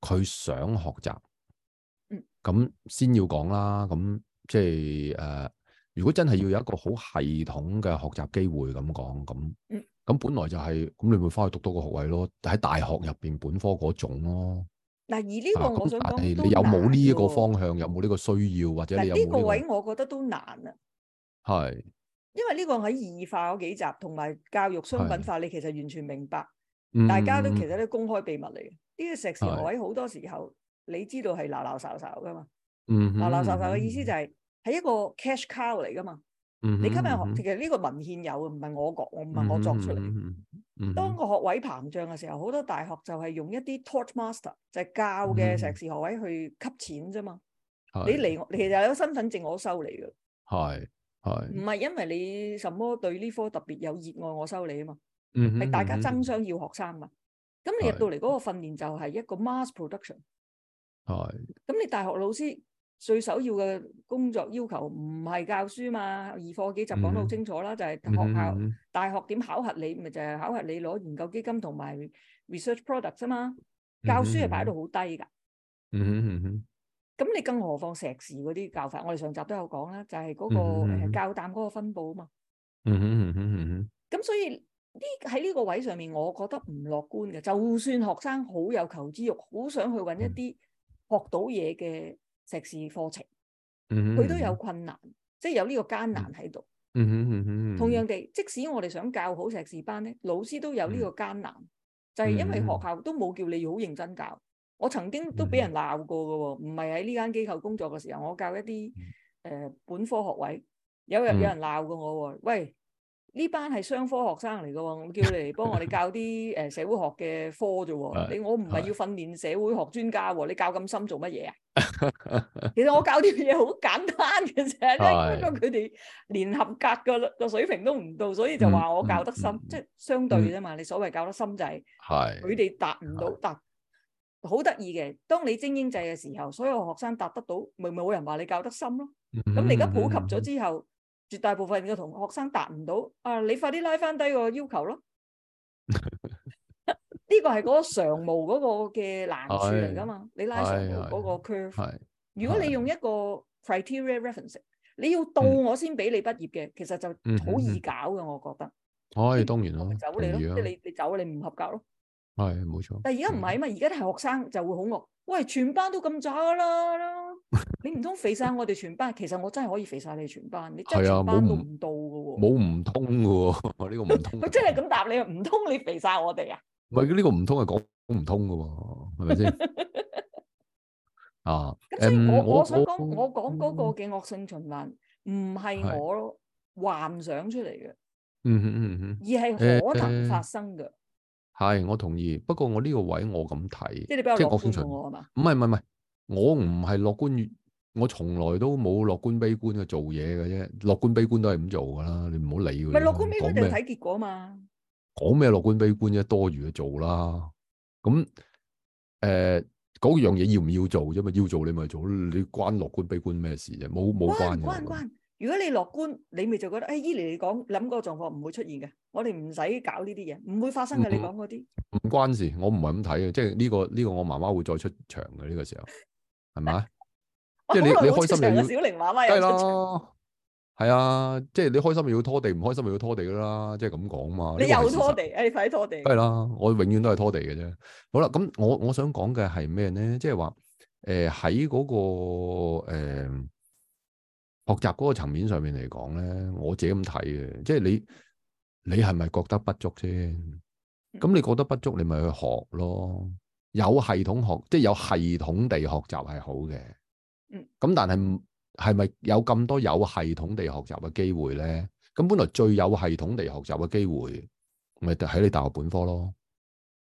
佢想學習，嗯，咁先要講啦，咁即係誒。呃如果真係要有一個好系統嘅學習機會咁講咁，咁本來就係咁，你會返去讀多個學位咯，喺大學入邊本科嗰種咯。嗱，而呢個我想講都難。係你有冇呢一個方向？有冇呢個需要？或者你有冇呢個位？我覺得都難啊。係，因為呢個喺異化嗰幾集同埋教育商品化，你其實完全明白，大家都其實都公開秘密嚟嘅。呢個碩士位好多時候，你知道係鬧鬧曬曬㗎嘛？嗯，鬧鬧曬曬嘅意思就係。係一個 cash cow 嚟噶嘛？嗯、哼你今日學其實呢個文獻有，唔係我講，我唔係我作出嚟。嗯嗯、當個學位膨脹嘅時候，好多大學就係用一啲 taught master 就係教嘅碩士學位去吸錢啫嘛。你嚟，其實有身份證我收你㗎。係係，唔係因為你什麼對呢科特別有熱愛，我收你啊嘛。嗯哼，係大家爭相要學生啊嘛。咁你入到嚟嗰個訓練就係一個 mass production。係是。咁你大學老師？最首要嘅工作要求唔係教書嘛？二課幾集講得好清楚啦，就係學校、大學點考核你，咪就係考核你攞研究基金，同埋 research product 啫嘛。教書係擺喺度好低噶。嗯嗯嗯。咁你更何況碩士嗰啲教法，我哋上集都有講啦，就係嗰個誒教淡嗰個分布啊嘛。嗯嗯嗯嗯嗯。咁所以呢喺呢個位上面，我覺得唔樂觀嘅。就算學生好有求知欲，好想去搵一啲學到嘢嘅。碩士課程，佢都有困難，嗯、哼即係有呢個艱難喺度。嗯嗯嗯、同樣地，即使我哋想教好碩士班咧，老師都有呢個艱難，嗯、哼就係因為學校都冇叫你要好認真教。我曾經都俾人鬧過噶，唔係喺呢間機構工作嘅時候，我教一啲誒、呃、本科學位，有日有人鬧過我喎，嗯、哼喂，呢班係商科學生嚟噶，我叫你幫我哋教啲誒社會學嘅科啫， 你我唔係要訓練社會學專家，你教咁深做乜嘢啊？其實我教啲嘢，好簡單嘅啫，因為佢哋連合格個水平都唔到，所以就話我教得深，即係相對啫嘛。你所謂教得深就係佢哋達唔到達，好得意嘅。當你精英制嘅時候，所有學生達得到，咪冇人話你教得深咯。咁你而家普及咗之後，絕大部分嘅同學生達唔到，啊，你快啲拉翻低個要求咯。呢個係嗰個常務嗰個嘅難處嚟㗎嘛，你拉上嗰個 curve，如果你用一個 criteria reference，你要到我先俾你畢業嘅，其實就好易搞嘅，我覺得。可以當然咯，走你咯，即係你你走，你唔合格咯。係冇錯。但係而家唔係啊嘛，而家啲係學生就會好惡，喂，全班都咁渣㗎啦，你唔通肥曬我哋全班？其實我真係可以肥曬你全班，你真係全班都唔到嘅喎，冇唔通嘅喎，呢個唔通。佢真係咁答你，唔通你肥曬我哋啊？唔係佢呢個唔通係講唔通噶喎，係咪先？啊！咁所以我我想講，我講嗰個嘅惡性循環，唔係我幻想出嚟嘅，嗯嗯嗯嗯，而係可能發生嘅。係我同意，不過我呢個位我咁睇，即係你比較樂觀過我啊嘛？唔係唔係唔係，我唔係樂觀，我從來都冇樂觀悲觀嘅做嘢嘅啫，樂觀悲觀都係咁做噶啦，你唔好理佢。唔係樂觀悲觀就睇結果嘛。講咩樂觀悲觀啫，多餘嘅做啦。咁誒，嗰、呃、樣嘢要唔要做啫嘛？要做你咪做，你關樂觀悲觀咩事啫？冇冇關，關。關關如果你樂觀，你咪就覺得，誒、哎，依嚟嚟講，諗嗰個狀況唔會出現嘅，我哋唔使搞呢啲嘢，唔會發生嘅。嗯、你講嗰啲唔關事，我唔係咁睇嘅，即係、這、呢個呢、這個我媽媽會再出場嘅呢、這個時候，係咪？ 即係你你開心又要。係咯。係啊，即係你開心咪要拖地，唔開心咪要拖地噶啦，即係咁講嘛。你又拖地，誒，你睇拖地。係啦，我永遠都係拖地嘅啫。好啦，咁我我想講嘅係咩咧？即係話，誒喺嗰個誒學習嗰個層面上面嚟講咧，我自己咁睇嘅，即係你你係咪覺得不足先？咁你覺得不足，你咪去學咯。有系統學，即係有系統地學習係好嘅。嗯。咁但係。係咪有咁多有系統地學習嘅機會咧？咁本來最有系統地學習嘅機會，咪喺你大學本科咯？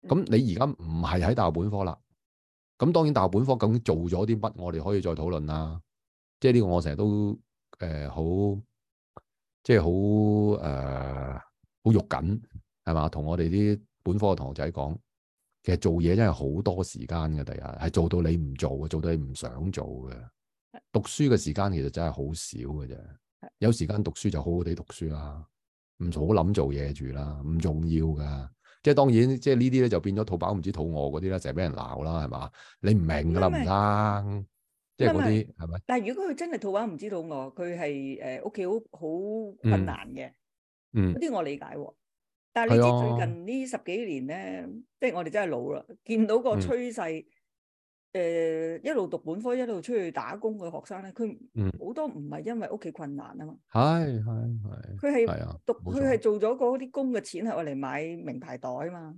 咁你而家唔係喺大學本科啦。咁當然大學本科究竟做咗啲乜，我哋可以再討論啦。即係呢個我成日都誒、呃、好，即係好誒好肉緊係嘛？同、呃、我哋啲本科嘅同學仔講，其實做嘢真係好多時間嘅，第日係做到你唔做，做到你唔想做嘅。讀書嘅時間其實真係好少嘅啫，有時間讀書就好好地讀書啦，唔好諗做嘢住啦，唔重要噶。即係當然，即係呢啲咧就變咗肚飽唔知肚餓嗰啲啦，成日俾人鬧啦，係嘛？你唔明噶啦，唔得，即係嗰啲係咪？係咪，係嘛？但係如果佢真係肚飽唔知肚餓，佢係誒屋企好好困難嘅。嗯，嗯，嗰啲我理解。但係你知最近呢十幾年咧，啊、即係我哋真係老啦，見到一個趨勢。嗯。誒、呃，一路讀本科一路出去打工嘅學生咧，佢好多唔係因為屋企困難啊嘛。係係係。佢係，係啊，讀佢係錯做咗嗰啲工嘅錢係我嚟買名牌袋啊嘛。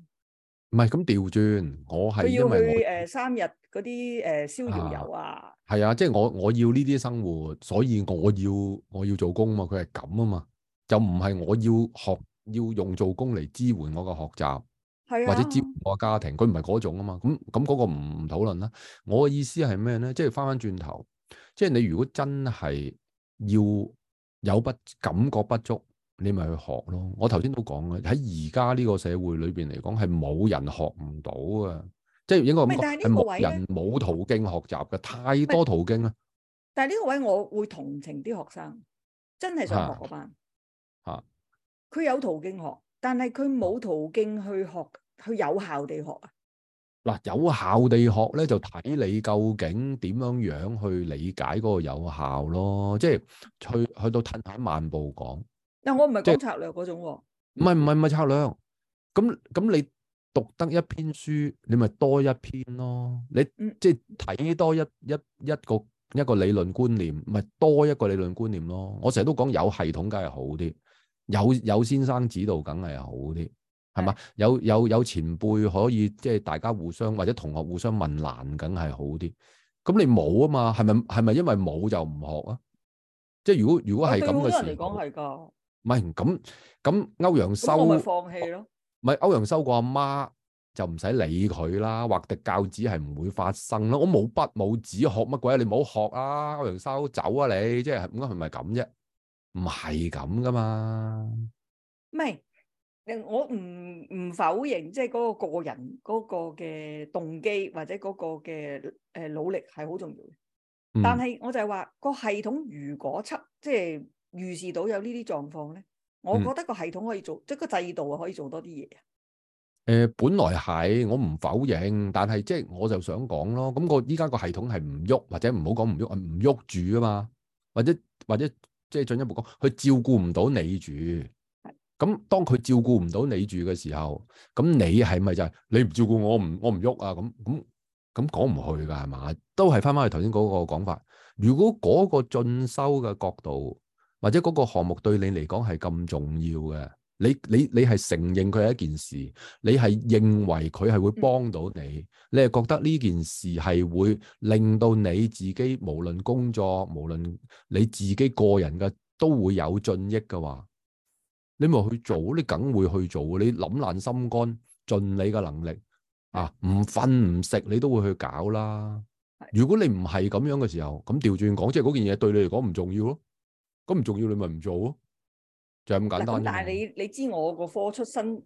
唔係咁調轉，我係。佢要去誒、呃、三日嗰啲誒逍遙遊啊。係啊，即係、啊就是、我我要呢啲生活，所以我要我要做工嘛。佢係咁啊嘛，就唔係我要學要用做工嚟支援我嘅學習。係、啊、或者接我個家庭，佢唔係嗰種啊嘛，咁咁個唔討論啦。我嘅意思係咩咧？即係翻翻轉頭，即係你如果真係要有不感覺不足，你咪去學咯。我頭先都講嘅，喺而家呢個社會裏邊嚟講，係冇人學唔到啊！即係應該咁講，係冇人冇途徑學習嘅，太多途徑啦。但係呢個位我會同情啲學生，真係想學嗰班。吓，佢有途徑學。但係佢冇途徑去學，去有效地學啊！嗱，有效地學咧，就睇你究竟點樣樣去理解嗰個有效咯。即係去去到褪下萬步講。嗱，我唔係講策略嗰種喎、啊。唔係唔係唔係策略。咁咁，你讀得一篇書，你咪多一篇咯。你、嗯、即係睇多一一一、一個一個理論觀念，咪多一個理論觀念咯。我成日都講有系統梗係好啲。有有先生指導梗係好啲，係嘛？有有有前輩可以即係、就是、大家互相或者同學互相問難，梗係好啲。咁你冇啊嘛？係咪係咪因為冇就唔學啊？即係如果如果係咁嘅事，對每個人嚟講係噶。唔係咁咁，歐陽修咪放棄咯。唔係歐陽修個阿媽就唔使理佢啦，畫荻教子係唔會發生咯。我冇筆冇紙學乜鬼啊？你冇學啊歐陽修走啊你！即係唔係咪咁啫？唔係咁㗎嘛，唔係，我唔唔否認，即係嗰個個人嗰個嘅動機或者嗰個嘅誒努力係好重要嘅，嗯、但係我就係話個系統如果測即係預示到有狀況呢啲狀況咧，我覺得個系統可以做，嗯、即係個制度啊可以做多啲嘢啊。誒、呃，本來係我唔否認，但係即係我就想講咯，咁、個依家個系統係唔喐或者唔好講唔喐啊，唔喐住啊嘛，或者或者。即係進一步講，佢照顧唔到你住，咁當佢照顧唔到你住嘅時候，咁你係咪就係、是、你唔照顧我唔我唔喐啊？咁咁咁講唔去㗎係嘛？都係翻翻去頭先嗰個講法。如果嗰個進修嘅角度，或者嗰個項目對你嚟講係咁重要嘅。你你你係承認佢係一件事，你係認為佢係會幫到你，嗯、你係覺得呢件事係會令到你自己無論工作無論你自己個人嘅都會有進益嘅話，你咪去做，你梗會去做，你諗爛心肝，盡你嘅能力啊，唔瞓唔食你都會去搞啦。是的如果你唔係咁樣嘅時候，咁調轉講，即係嗰件嘢對你嚟講唔重要咯，咁唔重要你咪唔做咯。就咁簡單。但係你你知我個科出身，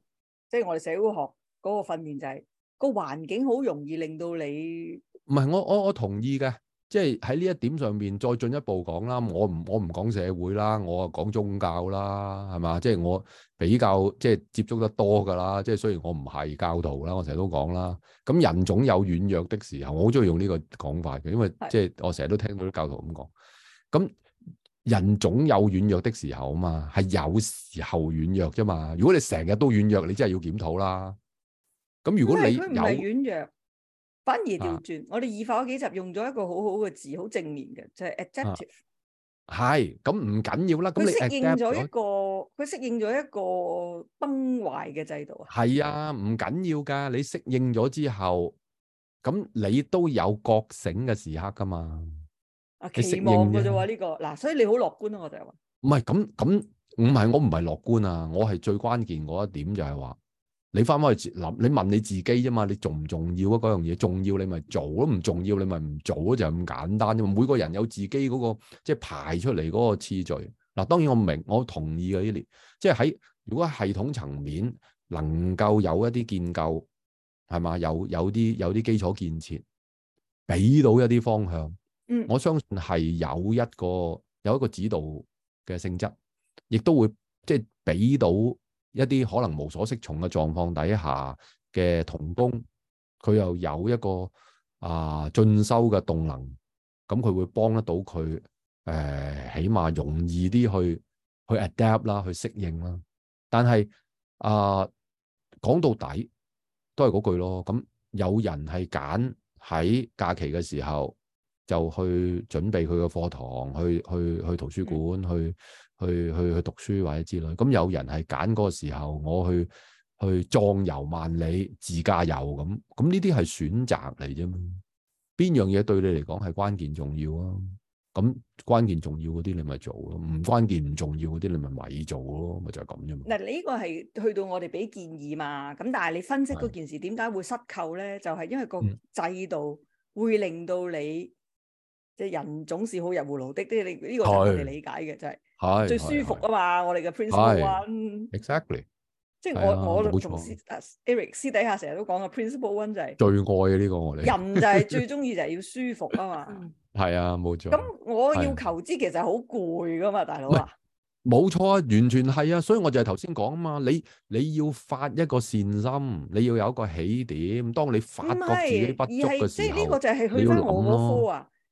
即係我哋社會學嗰個訓練就係個環境好容易令到你。唔係我我我同意嘅，即係喺呢一點上面再進一步講啦。我唔我唔講社會啦，我啊講宗教啦，係嘛？即係我比較即係接觸得多㗎啦。即係雖然我唔係教徒啦，我成日都講啦。咁人總有軟弱的時候，我好中意用呢個講法嘅，因為即係我成日都聽到啲教徒咁講。咁。人總有軟弱的時候啊嘛，係有時候軟弱啫嘛。如果你成日都軟弱，你真係要檢討啦。咁如果你有軟弱，反而調轉。我哋二課嗰幾集用咗一個好好嘅字，好正面嘅，就係 adaptive。係咁唔緊要啦。佢適應咗一個，佢適應咗一個崩壞嘅制度啊。係啊，唔緊要㗎。你適應咗之後，咁你都有覺醒嘅時刻㗎嘛。期望嘅啫喎，呢、這個嗱，所以你好樂觀啊。我就話唔係咁咁，唔係我唔係樂觀啊，我係最關鍵嗰一點就係話，你翻返去諗，你問你自己啫嘛，你重唔重要啊？嗰樣嘢重要你咪做咯，唔重要你咪唔做咯，就咁、是、簡單啫嘛。每個人有自己嗰、那個即係、就是、排出嚟嗰個次序嗱，當然我明，我同意嘅呢列，即係喺如果系統層面能夠有一啲建構，係嘛，有有啲有啲基礎建設，俾到一啲方向。嗯，我相信係有一個有一個指導嘅性質，亦都會即係俾到一啲可能無所適從嘅狀況底下嘅同工，佢又有一個啊進修嘅動能，咁佢會幫得到佢誒、啊，起碼容易啲去去 adapt 啦，去適應啦。但係啊，講到底都係嗰句咯，咁有人係揀喺假期嘅時候。就去準備佢個課堂，去去去圖書館，嗯、去去去去讀書或者之類。咁有人係揀嗰個時候，我去去壯遊萬里、自駕遊咁。咁呢啲係選擇嚟啫嘛。邊樣嘢對你嚟講係關鍵重要啊？咁關鍵重要嗰啲你咪做咯，唔關鍵唔重要嗰啲你咪咪做咯，咪就係咁啫嘛。嗱，你呢個係去到我哋俾建議嘛？咁但係你分析嗰件事點解會失扣咧？是的就係因為個制度會令到你。即係人總是好入胡蘆的，即係你呢個我哋理解嘅，就係最舒服啊嘛！我哋嘅 principal one exactly，即係我我同 Eric 私底下成日都講啊，principal one 就係最愛呢個我哋人就係最中意就係要舒服啊嘛，係啊冇錯。咁我要求知其實好攰噶嘛，大佬啊，冇錯啊，完全係啊，所以我就係頭先講啊嘛，你你要發一個善心，你要有一個起點，當你發覺自己不足嘅時候，你會科啊。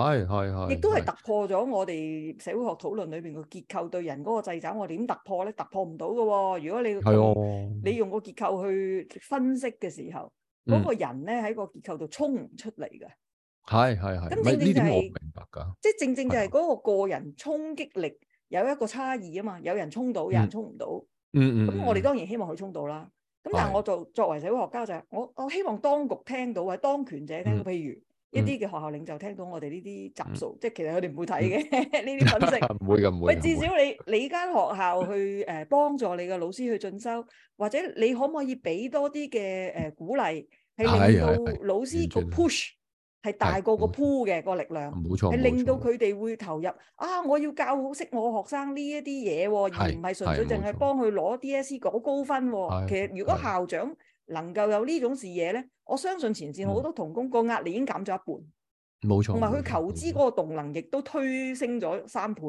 係係係，亦都係突破咗我哋社會學討論裏邊個結構對人嗰個制肘。我點突破咧？突破唔到噶。如果你用的你用個結構去分析嘅時候，嗰、嗯、個人咧喺個結構度衝唔出嚟噶。係係係。咁正正就係、是、明白噶，即係正正就係嗰個個人衝擊力有一個差異啊嘛。有人衝到，有人衝唔到。嗯嗯。咁我哋當然希望佢衝到啦。咁但係我就的作為社會學家就係我我希望當局聽到，或者當權者聽到。譬、嗯、如。一啲嘅學校領袖聽到我哋呢啲集數，即係其實佢哋唔會睇嘅呢啲分析，唔會噶，唔會。喂，至少你你間學校去誒幫助你個老師去進修，或者你可唔可以俾多啲嘅誒鼓勵，係令到老師個 push 係大過個 pull 嘅個力量，冇錯，係令到佢哋會投入啊！我要教好識我學生呢一啲嘢，而唔係純粹淨係幫佢攞 DSE 攞高分。其實如果校長能夠有呢種視野咧，我相信前線好多同工個壓力已經減咗一半，冇、嗯、錯，同埋佢求知嗰個動能亦都推升咗三倍。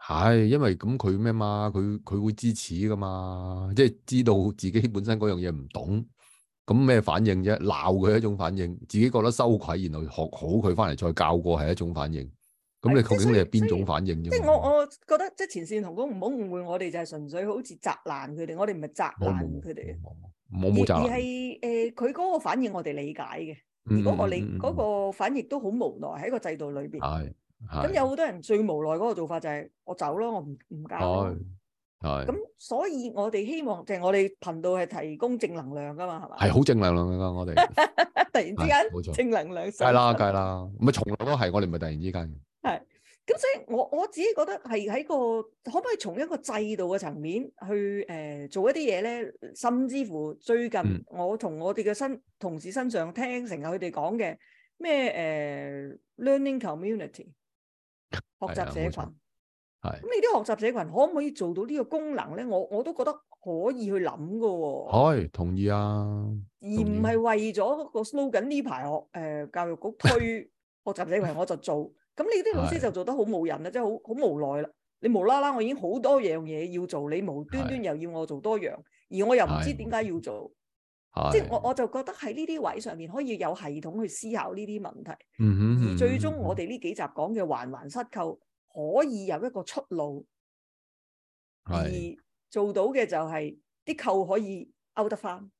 係，因為咁佢咩嘛？佢佢會支持噶嘛？即係知道自己本身嗰樣嘢唔懂，咁咩反應啫？鬧佢係一種反應，自己覺得羞愧，然後學好佢翻嚟再教過係一種反應。咁你的究竟你係邊種反應啫？即係我我覺得即係前線同工唔好誤會我，我哋就係、是、純粹好似責難佢哋，我哋唔係責難佢哋。我冇冇就而係誒，佢嗰、呃、個反應我哋理解嘅。嗯嗯嗯嗯嗯。如果我哋嗰個反應都好無奈喺個制度裏邊，咁有好多人最無奈嗰個做法就係我走咯，我唔唔教。咁所以我哋希望就係、是、我哋頻道係提供正能量噶嘛，係嘛？係好正能量噶，我哋 突然之間正能量。梗係啦，梗係啦，咪從來都係， 我哋唔係突然之間。咁所以我，我我自己覺得係喺個可唔可以從一個制度嘅層面去誒、呃、做一啲嘢咧？甚至乎最近我同我哋嘅身、嗯、同事身上聽成日佢哋講嘅咩誒 learning community 學習社群，係咁、啊、你啲學習社群可唔可以做到呢個功能咧？我我都覺得可以去諗㗎喎。同意啊！同意而唔係為咗個 slogan 呢排我誒、呃、教育局推學習社群，我就做。 咁你啲老師就做得好無人啦，即係好好無奈啦。你無啦啦，我已經好多樣嘢要做，你無端端又要我做多樣，是而我又唔知點解要做。是即係我我就覺得喺呢啲位上面可以有系統去思考呢啲問題。嗯哼，嗯哼，嗯哼。而最終我哋呢幾集講嘅環環失扣，可以有一個出路。是而做到嘅就係、是、啲扣可以勾得翻。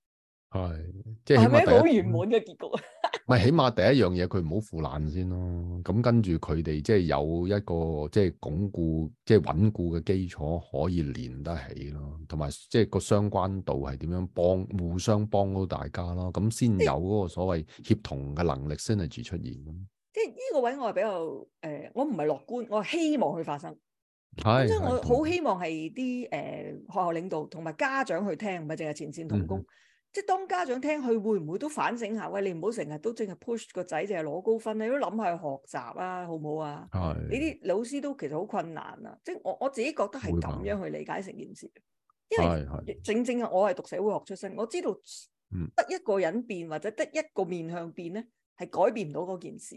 係。即係係咪一個好圓滿嘅結局啊？咪起碼第一樣嘢，佢唔好腐爛先咯。咁跟住佢哋即係有一個即係鞏固、即係穩固嘅基礎，可以連得起咯。同埋即係個相關度係點樣幫互相幫到大家咯。咁先有嗰個所謂協同嘅能力先係至出現。即係呢個位我係比較誒，我唔係樂觀，我希望佢發生。係的，咁所以我好希望係啲誒學校領導同埋家長去聽，唔係淨係前線同工。嗯即係當家長聽，佢會唔會都反省下？喂，你唔好成日都淨係 push 個仔，淨係攞高分你都諗下學習啊，好唔好啊？係是。呢啲老師都其實好困難啊！即係我我自己覺得係咁樣去理解成件事，吧因為正正係我係讀社會學出身，我知道得一個人變或者得一個面向變咧，係改變唔到嗰件事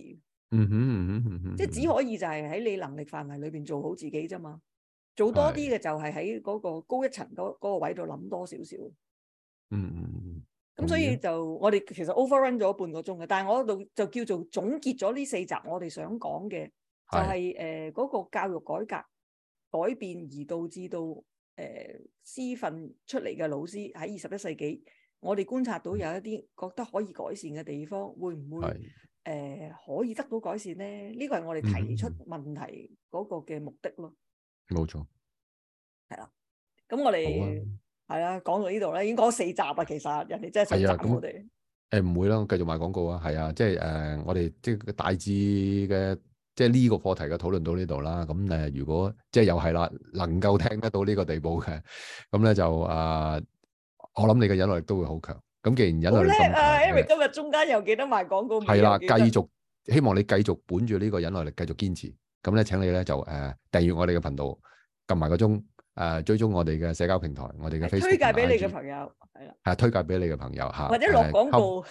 嗯哼。嗯哼，嗯哼。即係只可以就係喺你能力範圍裏邊做好自己啫嘛。做多啲嘅就係喺嗰個高一層嗰嗰個位度諗多少少。嗯嗯，咁所以就、嗯、我哋其實 overrun 咗半個鐘嘅，但係我度就叫做總結咗呢四集我哋想講嘅、就是，就係誒嗰個教育改革改變而導致到誒師訓出嚟嘅老師喺二十一世紀，我哋觀察到有一啲覺得可以改善嘅地方會會，會唔會誒可以得到改善咧？呢、這個係我哋提出問題嗰個嘅目的咯，冇錯、嗯，係、嗯、啦，咁我哋。係啦，講、啊、到這裡呢度咧，已經講四集啦。其實四集人哋真係實咁，我哋、啊。誒唔、呃、會啦，繼續賣廣告啊。係啊，即係誒、呃，我哋即係大致嘅，即係呢個課題嘅討論到呢度啦。咁誒，如果即係又係啦，能夠聽得到呢個地步嘅，咁咧就誒、呃，我諗你嘅忍耐力都會好強。咁既然忍耐力咁強，啊啊、今日中間又記得賣廣告？係啦、啊，繼續希望你繼續本住呢個忍耐力，繼續堅持。咁咧，請你咧就誒訂閱我哋嘅頻道，撳埋個鐘。誒，追蹤我哋嘅社交平台，我哋嘅 Facebook，推介俾你嘅朋友，係啦，係推介俾你嘅朋友吓，或者落廣告，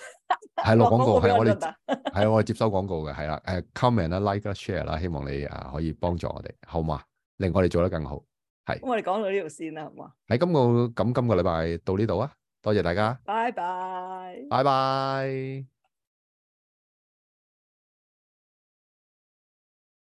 係落廣告，係我哋，係我哋接收廣告嘅，係啦，誒，comment 啦，like 啦，share 啦，希望你誒可以幫助我哋，好嘛，令我哋做得更好，係。咁我哋講到呢度先啦，好嘛。喺今個咁，今個禮拜到呢度啊，多謝大家，拜拜，拜拜。